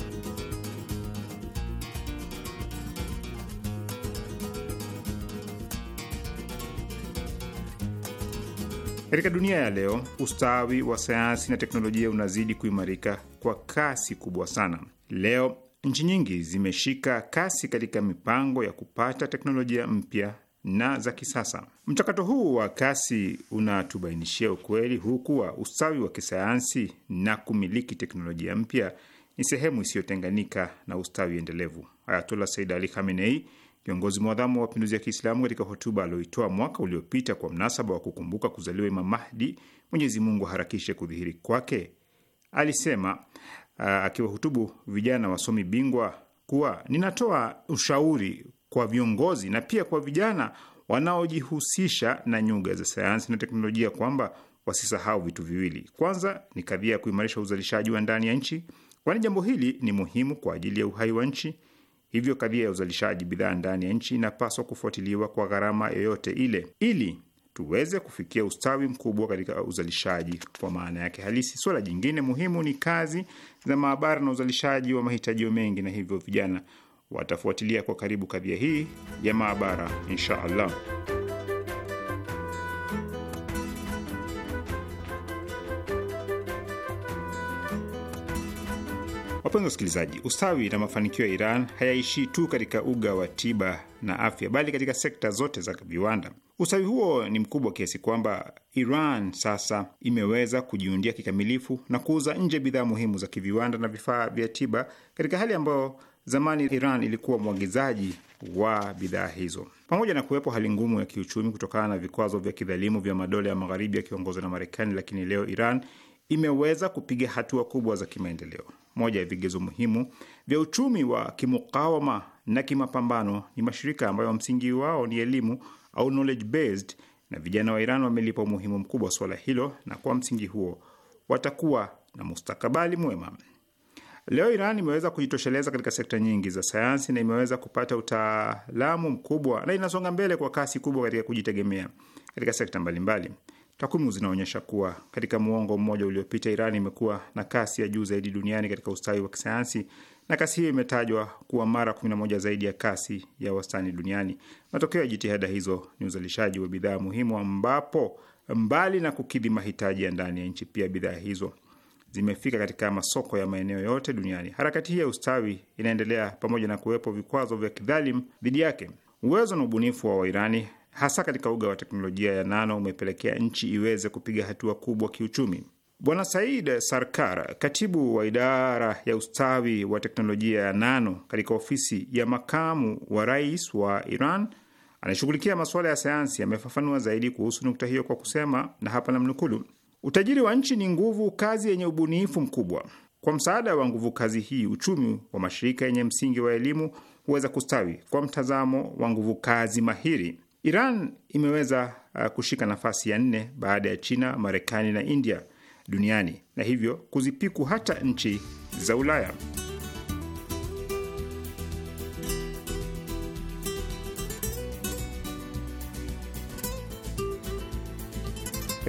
Katika dunia ya leo, ustawi wa sayansi na teknolojia unazidi kuimarika kwa kasi kubwa sana. Leo nchi nyingi zimeshika kasi katika mipango ya kupata teknolojia mpya na za kisasa. Mchakato huu wa kasi unatubainishia ukweli huu kuwa ustawi wa kisayansi na kumiliki teknolojia mpya ni sehemu isiyotenganika na ustawi endelevu. Ayatullah Said Ali Khamenei Kiongozi mwadhamu wa mapinduzi ya Kiislamu katika hotuba alioitoa mwaka uliopita kwa mnasaba wa kukumbuka kuzaliwa Imam Mahdi, Mwenyezi Mungu aharakishe kudhihiri kwake, alisema akiwahutubu vijana wasomi bingwa kuwa ninatoa ushauri kwa viongozi na pia kwa vijana wanaojihusisha na nyuga za sayansi na teknolojia kwamba wasisahau vitu viwili. Kwanza ni kadhia ya kuimarisha uzalishaji wa ndani ya nchi, kwani jambo hili ni muhimu kwa ajili ya uhai wa nchi Hivyo kadhia ya uzalishaji bidhaa ndani ya nchi inapaswa kufuatiliwa kwa gharama yoyote ile, ili tuweze kufikia ustawi mkubwa katika uzalishaji kwa maana yake halisi. Suala jingine muhimu ni kazi za maabara na uzalishaji wa mahitajio mengi, na hivyo vijana watafuatilia kwa karibu kadhia hii ya maabara, insha Allah. Wapenzi wasikilizaji, ustawi na mafanikio ya Iran hayaishii tu katika uga wa tiba na afya, bali katika sekta zote za viwanda. Ustawi huo ni mkubwa kiasi kwamba Iran sasa imeweza kujiundia kikamilifu na kuuza nje bidhaa muhimu za kiviwanda na vifaa vya tiba katika hali ambayo zamani Iran ilikuwa mwagizaji wa bidhaa hizo. Pamoja na kuwepo hali ngumu ya kiuchumi kutokana na vikwazo vya kidhalimu vya madola ya magharibi yakiongozwa na Marekani, lakini leo Iran imeweza kupiga hatua kubwa za kimaendeleo. Moja ya vigezo muhimu vya uchumi wa kimukawama na kimapambano ni mashirika ambayo msingi wao ni elimu au knowledge based, na vijana wa Iran wamelipa umuhimu mkubwa suala hilo, na kwa msingi huo watakuwa na mustakabali mwema. Leo Iran imeweza kujitosheleza katika sekta nyingi za sayansi na imeweza kupata utaalamu mkubwa na inasonga mbele kwa kasi kubwa katika kujitegemea katika sekta mbalimbali mbali. Takwimu zinaonyesha kuwa katika muongo mmoja uliopita, Iran imekuwa na kasi ya juu zaidi duniani katika ustawi wa kisayansi na kasi hiyo imetajwa kuwa mara 11 zaidi ya kasi ya wastani duniani. Matokeo ya jitihada hizo ni uzalishaji wa bidhaa muhimu, ambapo mbali na kukidhi mahitaji ya ndani ya nchi, pia bidhaa hizo zimefika katika masoko ya maeneo yote duniani. Harakati hii ya ustawi inaendelea pamoja na kuwepo vikwazo vya kidhalim dhidi yake. Uwezo na ubunifu wa Wairani hasa katika uga wa teknolojia ya nano umepelekea nchi iweze kupiga hatua kubwa kiuchumi. Bwana Said Sarkar, katibu wa idara ya ustawi wa teknolojia ya nano katika ofisi ya makamu wa rais wa Iran anayeshughulikia masuala ya sayansi, amefafanua zaidi kuhusu nukta hiyo kwa kusema, na hapa namnukulu: utajiri wa nchi ni nguvu kazi yenye ubunifu mkubwa. Kwa msaada wa nguvu kazi hii, uchumi wa mashirika yenye msingi wa elimu huweza kustawi. Kwa mtazamo wa nguvu kazi mahiri, Iran imeweza uh, kushika nafasi ya nne baada ya China, Marekani na India duniani na hivyo kuzipiku hata nchi za Ulaya.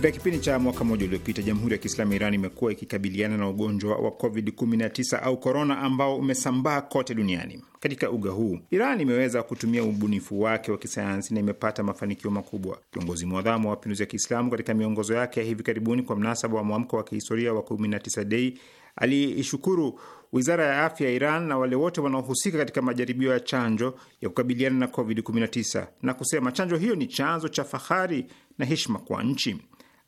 Katika kipindi cha mwaka mmoja uliopita, Jamhuri ya Kiislamu ya Iran imekuwa ikikabiliana na ugonjwa wa COVID-19 au korona ambao umesambaa kote duniani. Katika uga huu Iran imeweza kutumia ubunifu wake wa kisayansi na imepata mafanikio makubwa. Kiongozi mwadhamu wa mapinduzi ya Kiislamu katika miongozo yake ya hivi karibuni kwa mnasaba wa mwamko wa kihistoria wa 19 Dei aliishukuru wizara ya afya ya Iran na wale wote wanaohusika katika majaribio ya chanjo ya kukabiliana na COVID-19 na kusema chanjo hiyo ni chanzo cha fahari na heshima kwa nchi.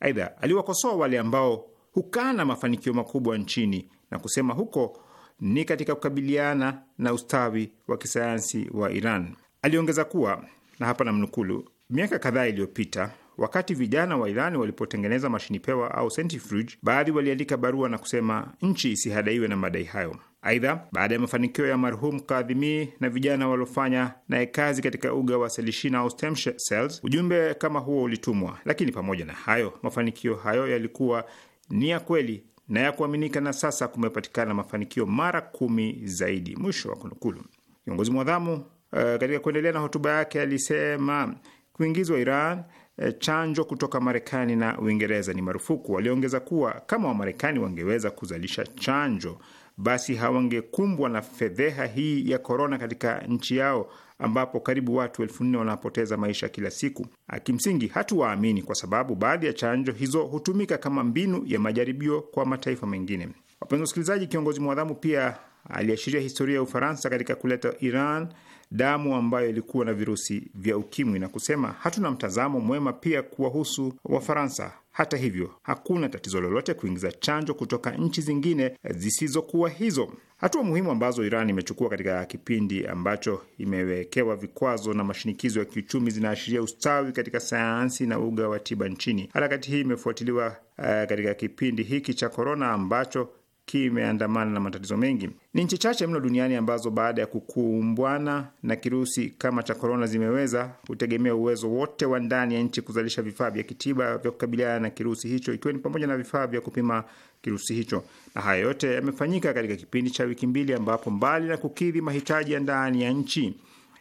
Aidha, aliwakosoa wale ambao hukana mafanikio makubwa nchini na kusema huko ni katika kukabiliana na ustawi wa kisayansi wa Iran. Aliongeza kuwa na hapa namnukulu, miaka kadhaa iliyopita Wakati vijana wa Irani walipotengeneza mashini pewa au centrifuge, baadhi waliandika barua na kusema nchi isihadaiwe na madai hayo. Aidha, baada ya mafanikio ya marhum Kadhimi na vijana waliofanya naye kazi katika uga wa selishina au stem cells, ujumbe kama huo ulitumwa. Lakini pamoja na hayo, mafanikio hayo yalikuwa ni ya kweli na ya kuaminika, na sasa kumepatikana mafanikio mara kumi zaidi. Mwisho wa kunukulu. Kiongozi mwadhamu uh, katika kuendelea na hotuba yake alisema kuingizwa Iran Eh, chanjo kutoka Marekani na Uingereza ni marufuku. Waliongeza kuwa kama Wamarekani wangeweza kuzalisha chanjo, basi hawangekumbwa na fedheha hii ya korona katika nchi yao ambapo karibu watu elfu nne wanapoteza maisha kila siku. Ah, kimsingi hatuwaamini kwa sababu baadhi ya chanjo hizo hutumika kama mbinu ya majaribio kwa mataifa mengine. Wapenzi wasikilizaji, kiongozi mwadhamu pia aliashiria historia ya Ufaransa katika kuleta Iran damu ambayo ilikuwa na virusi vya ukimwi na kusema, hatuna mtazamo mwema pia kuwahusu Wafaransa. Hata hivyo, hakuna tatizo lolote kuingiza chanjo kutoka nchi zingine zisizokuwa hizo. Hatua muhimu ambazo Iran imechukua katika kipindi ambacho imewekewa vikwazo na mashinikizo ya kiuchumi zinaashiria ustawi katika sayansi na uga wa tiba nchini. Harakati hii imefuatiliwa uh, katika kipindi hiki cha korona ambacho kimeandamana na matatizo mengi. Ni nchi chache mno duniani ambazo baada ya kukumbwana na kirusi kama cha korona zimeweza kutegemea uwezo wote wa ndani ya nchi kuzalisha vifaa vya kitiba vya kukabiliana na kirusi hicho, ikiwa ni pamoja na vifaa vya kupima kirusi hicho. Na haya yote yamefanyika katika kipindi cha wiki mbili, ambapo mbali na kukidhi mahitaji ya ndani ya nchi,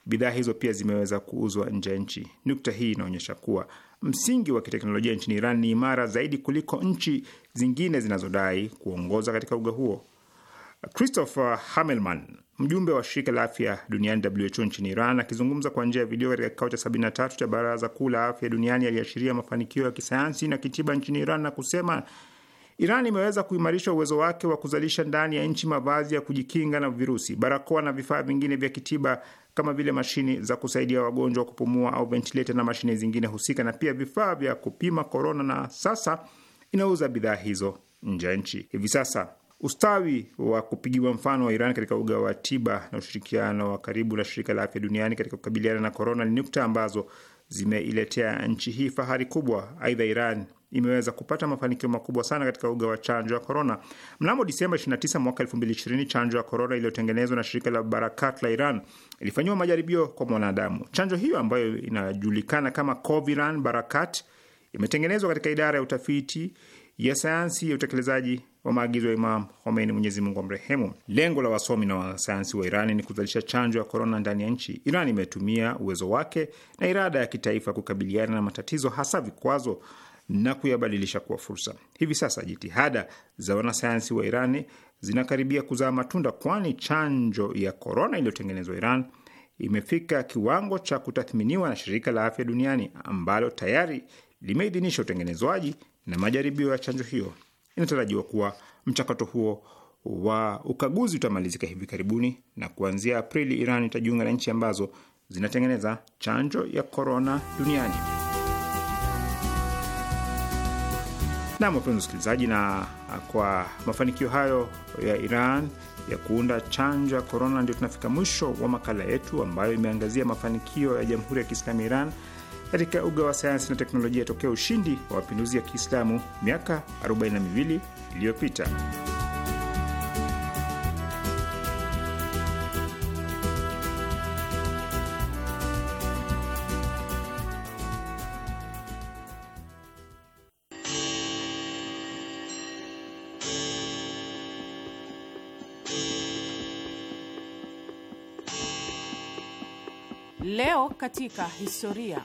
bidhaa hizo pia zimeweza kuuzwa nje ya nchi. Nukta hii inaonyesha kuwa msingi wa kiteknolojia nchini Iran ni imara zaidi kuliko nchi zingine zinazodai kuongoza katika uga huo. Christopher Hamelman, mjumbe wa shirika la afya duniani WHO nchini Iran, akizungumza kwa njia ya video katika kikao cha 73 cha baraza kuu la afya duniani, aliashiria mafanikio ya kisayansi na kitiba nchini Iran na kusema Iran imeweza kuimarisha uwezo wake wa kuzalisha ndani ya nchi mavazi ya kujikinga na virusi, barakoa na vifaa vingine vya kitiba kama vile mashini za kusaidia wagonjwa kupumua au ventileta na mashine zingine husika, na pia vifaa vya kupima korona, na sasa inauza bidhaa hizo nje ya nchi. Hivi sasa ustawi wa kupigiwa mfano wa Iran katika uga wa tiba na ushirikiano wa karibu na shirika la afya duniani katika kukabiliana na korona ni nukta ambazo zimeiletea nchi hii fahari kubwa. Aidha, Iran imeweza kupata mafanikio makubwa sana katika uga wa chanjo ya korona. Mnamo Disemba 29 mwaka 2020, chanjo ya korona iliyotengenezwa na shirika la Barakat la Iran ilifanyiwa majaribio kwa mwanadamu. Chanjo hiyo ambayo inajulikana kama Coviran Barakat imetengenezwa katika idara ya utafiti ya sayansi ya utekelezaji wa maagizo ya Imam Khomeini, Mwenyezi Mungu amrehemu. Lengo la wasomi na wasayansi wa Irani ni kuzalisha chanjo ya korona ndani ya nchi. Iran imetumia uwezo wake na irada ya kitaifa kukabiliana na matatizo, hasa vikwazo na kuyabadilisha kuwa fursa. Hivi sasa jitihada za wanasayansi wa Irani zinakaribia kuzaa matunda, kwani chanjo ya korona iliyotengenezwa Iran imefika kiwango cha kutathminiwa na shirika la afya duniani ambalo tayari limeidhinisha utengenezwaji na majaribio ya chanjo hiyo. Inatarajiwa kuwa mchakato huo wa ukaguzi utamalizika hivi karibuni, na kuanzia Aprili Iran itajiunga na nchi ambazo zinatengeneza chanjo ya korona duniani. Nam, wapenzi wasikilizaji, na kwa mafanikio hayo ya Iran ya kuunda chanjo ya korona, ndio tunafika mwisho wa makala yetu ambayo imeangazia mafanikio ya Jamhuri ya Kiislamu ya Iran katika uga wa sayansi na teknolojia tokea ushindi wa mapinduzi ya Kiislamu miaka 42 iliyopita. katika historia.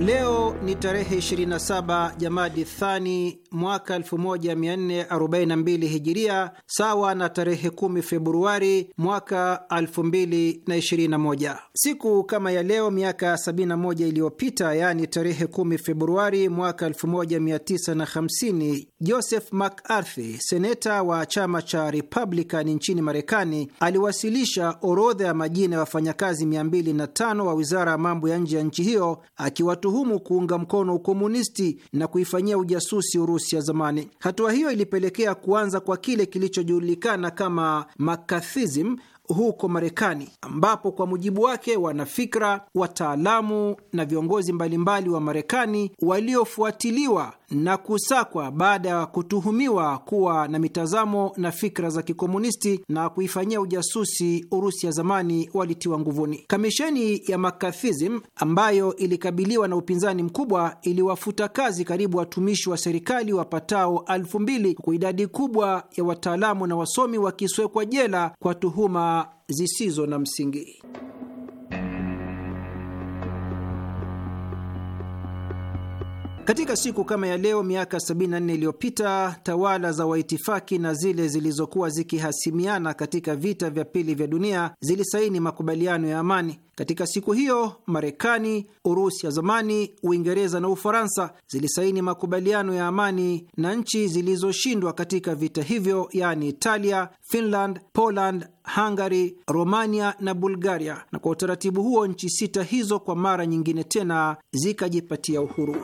Leo ni tarehe 27 Jamadi Thani mwaka 1442 Hijiria, sawa na tarehe 10 Februari mwaka 2021. Siku kama ya leo miaka 71 iliyopita, yaani tarehe 10 Februari mwaka 1950, Joseph McCarthy, seneta wa chama cha Republican nchini Marekani, aliwasilisha orodha ya majina ya wafanyakazi 205 wa wizara ya mambo ya nje ya nchi hiyo akiwatu kuituhumu kuunga mkono ukomunisti na kuifanyia ujasusi Urusi ya zamani. Hatua hiyo ilipelekea kuanza kwa kile kilichojulikana kama makathism huko Marekani ambapo kwa mujibu wake wanafikra, wataalamu na viongozi mbalimbali wa Marekani waliofuatiliwa na kusakwa baada ya kutuhumiwa kuwa na mitazamo na fikra za kikomunisti na kuifanyia ujasusi Urusi ya zamani walitiwa nguvuni. Kamisheni ya McCarthyism ambayo ilikabiliwa na upinzani mkubwa iliwafuta kazi karibu watumishi wa serikali wapatao elfu mbili huku idadi kubwa ya wataalamu na wasomi wakiswekwa jela kwa tuhuma zisizo na msingi. Katika siku kama ya leo miaka 74 iliyopita tawala za waitifaki na zile zilizokuwa zikihasimiana katika vita vya pili vya dunia zilisaini makubaliano ya amani. Katika siku hiyo, Marekani, Urusi ya zamani, Uingereza na Ufaransa zilisaini makubaliano ya amani na nchi zilizoshindwa katika vita hivyo, yaani Italia, Finland, Poland, Hungary, Romania na Bulgaria, na kwa utaratibu huo nchi sita hizo kwa mara nyingine tena zikajipatia uhuru.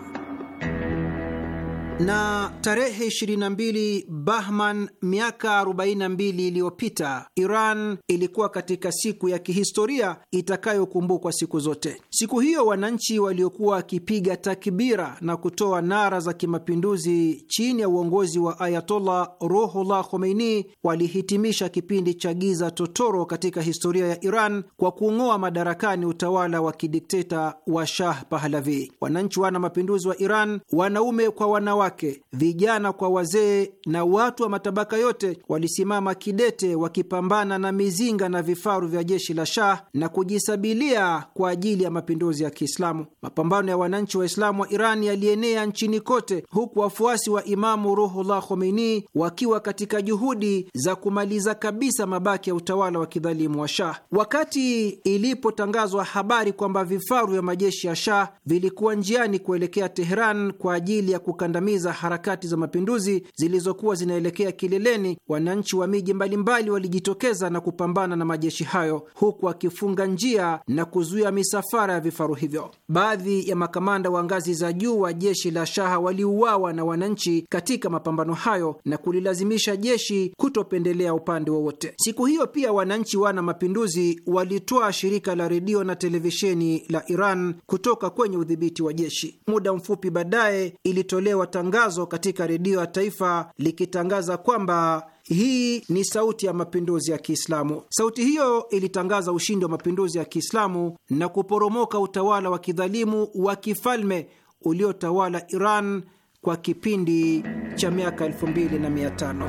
Na tarehe 22 Bahman miaka 42 iliyopita, Iran ilikuwa katika siku ya kihistoria itakayokumbukwa siku zote. Siku hiyo wananchi waliokuwa wakipiga takbira na kutoa nara za kimapinduzi chini ya uongozi wa Ayatollah ruhullah Khomeini walihitimisha kipindi cha giza totoro katika historia ya Iran kwa kung'oa madarakani utawala wa kidikteta wa Shah Pahlavi. Wananchi wana mapinduzi wa Iran, wanaume kwa wanawake wake, vijana kwa wazee na watu wa matabaka yote walisimama kidete wakipambana na mizinga na vifaru vya jeshi la Shah na kujisabilia kwa ajili ya mapinduzi ya Kiislamu. Mapambano ya wananchi wa islamu wa Iran yalienea nchini kote, huku wafuasi wa Imamu Ruhullah Khomeini wakiwa katika juhudi za kumaliza kabisa mabaki ya utawala wa kidhalimu wa Shah. Wakati ilipotangazwa habari kwamba vifaru vya majeshi ya Shah vilikuwa njiani kuelekea Teheran kwa ajili ya kukandamiza za harakati za mapinduzi zilizokuwa zinaelekea kileleni, wananchi wa miji mbalimbali walijitokeza na kupambana na majeshi hayo, huku wakifunga njia na kuzuia misafara ya vifaru hivyo. Baadhi ya makamanda wa ngazi za juu wa jeshi la shaha waliuawa na wananchi katika mapambano hayo na kulilazimisha jeshi kutopendelea upande wowote. Siku hiyo pia wananchi wana mapinduzi walitoa shirika la redio na televisheni la Iran kutoka kwenye udhibiti wa jeshi. Muda mfupi baadaye ilitolewa tangazo katika redio ya taifa likitangaza kwamba hii ni sauti ya mapinduzi ya Kiislamu. Sauti hiyo ilitangaza ushindi wa mapinduzi ya Kiislamu na kuporomoka utawala wa kidhalimu wa kifalme uliotawala Iran kwa kipindi cha miaka elfu mbili na mia tano.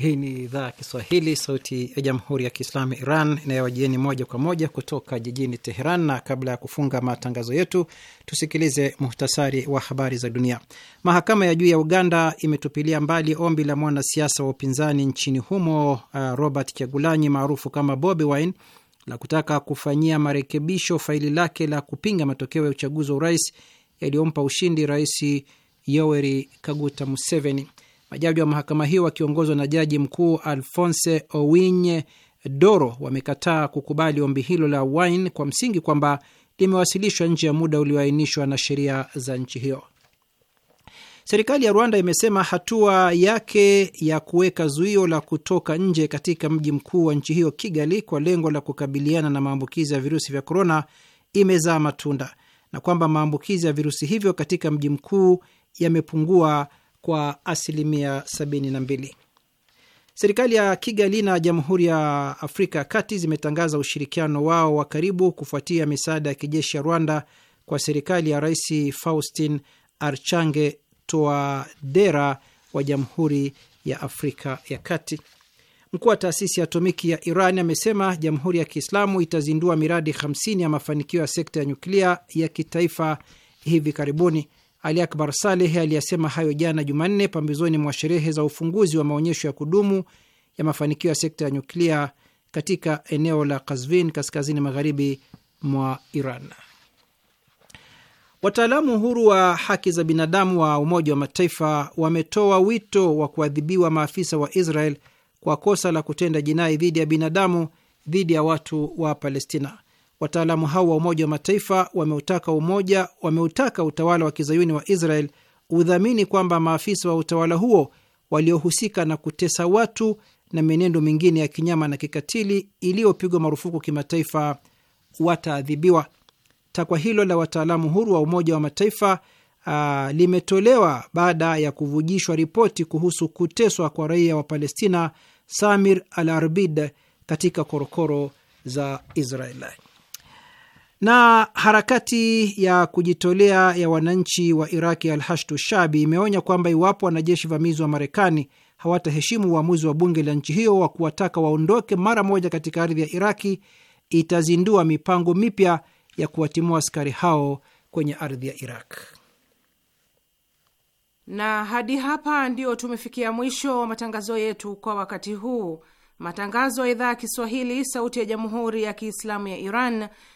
Hii ni idhaa ya Kiswahili, sauti ya jamhuri ya kiislamu ya Iran inayowajieni moja kwa moja kutoka jijini Teheran. Na kabla ya kufunga matangazo yetu, tusikilize muhtasari wa habari za dunia. Mahakama ya juu ya Uganda imetupilia mbali ombi la mwanasiasa wa upinzani nchini humo uh, Robert Kyagulanyi maarufu kama Bobi Wine la kutaka kufanyia marekebisho faili lake la kupinga matokeo ya uchaguzi wa urais yaliyompa ushindi Rais Yoweri Kaguta Museveni. Majaji wa mahakama hiyo wakiongozwa na jaji mkuu Alphonse Owinye Doro wamekataa kukubali ombi hilo la Wine kwa msingi kwamba limewasilishwa nje ya muda ulioainishwa na sheria za nchi hiyo. Serikali ya Rwanda imesema hatua yake ya kuweka zuio la kutoka nje katika mji mkuu wa nchi hiyo Kigali, kwa lengo la kukabiliana na maambukizi ya virusi vya korona imezaa matunda na kwamba maambukizi ya virusi hivyo katika mji mkuu yamepungua kwa asilimia 72. Serikali ya Kigali na Jamhuri ya Afrika ya Kati zimetangaza ushirikiano wao wa karibu kufuatia misaada ya kijeshi ya Rwanda kwa serikali ya Rais Faustin Archange toadera wa Jamhuri ya Afrika ya Kati. Mkuu wa taasisi ya atomiki ya Iran amesema Jamhuri ya Kiislamu itazindua miradi 50 ya mafanikio ya sekta ya nyuklia ya kitaifa hivi karibuni. Ali Akbar Saleh aliyasema hayo jana Jumanne pambizoni mwa sherehe za ufunguzi wa maonyesho ya kudumu ya mafanikio ya sekta ya nyuklia katika eneo la Kazvin kaskazini magharibi mwa Iran. Wataalamu huru wa haki za binadamu wa Umoja wa Mataifa wametoa wito wa kuadhibiwa maafisa wa Israel kwa kosa la kutenda jinai dhidi ya binadamu dhidi ya watu wa Palestina. Wataalamu hao wa Umoja wa Mataifa wameutaka umoja wameutaka utawala wa kizayuni wa Israel udhamini kwamba maafisa wa utawala huo waliohusika na kutesa watu na mienendo mingine ya kinyama na kikatili iliyopigwa marufuku kimataifa wataadhibiwa. Takwa hilo la wataalamu huru wa Umoja wa Mataifa a, uh, limetolewa baada ya kuvujishwa ripoti kuhusu kuteswa kwa raia wa Palestina Samir al Arbid katika korokoro za Israel. Na harakati ya kujitolea ya wananchi wa Iraki hashdu Shabi imeonya kwamba iwapo wanajeshi vamizi wa Marekani hawataheshimu uamuzi wa bunge la nchi hiyo wa kuwataka waondoke mara moja katika ardhi ya Iraki itazindua mipango mipya ya kuwatimua askari hao kwenye ardhi ya Iraq. Na hadi hapa ndio tumefikia mwisho wa matangazo yetu kwa wakati huu. Matangazo ya idhaa ya Kiswahili, sauti ya jamhuri ya kiislamu ya Iran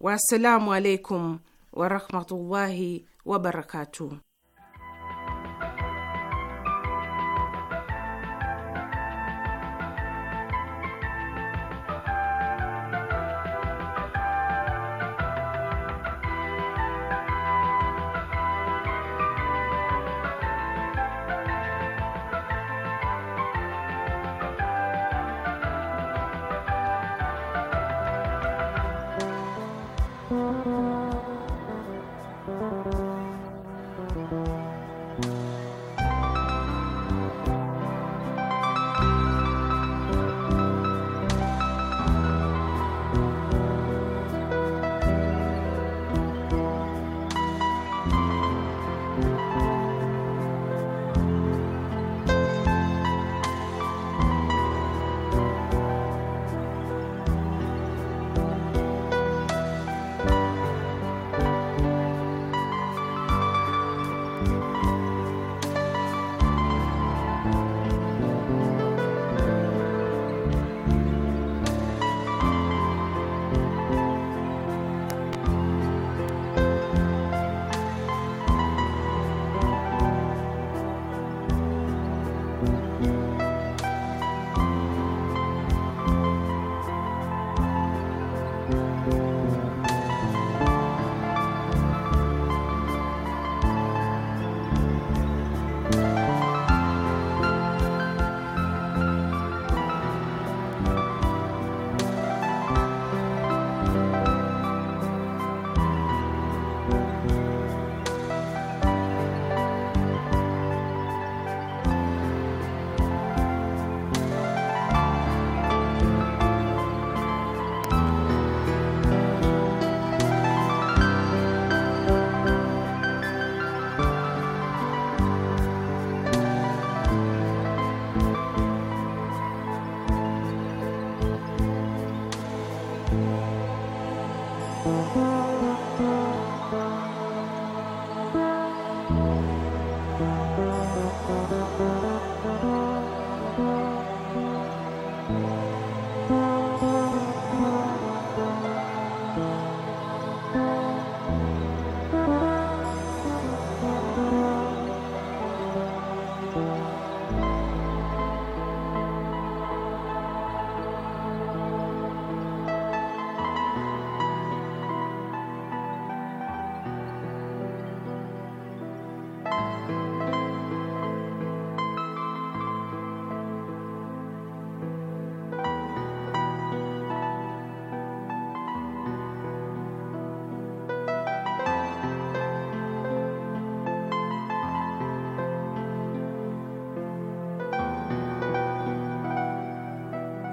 Wassalamu alaikum warahmatullahi wabarakatu.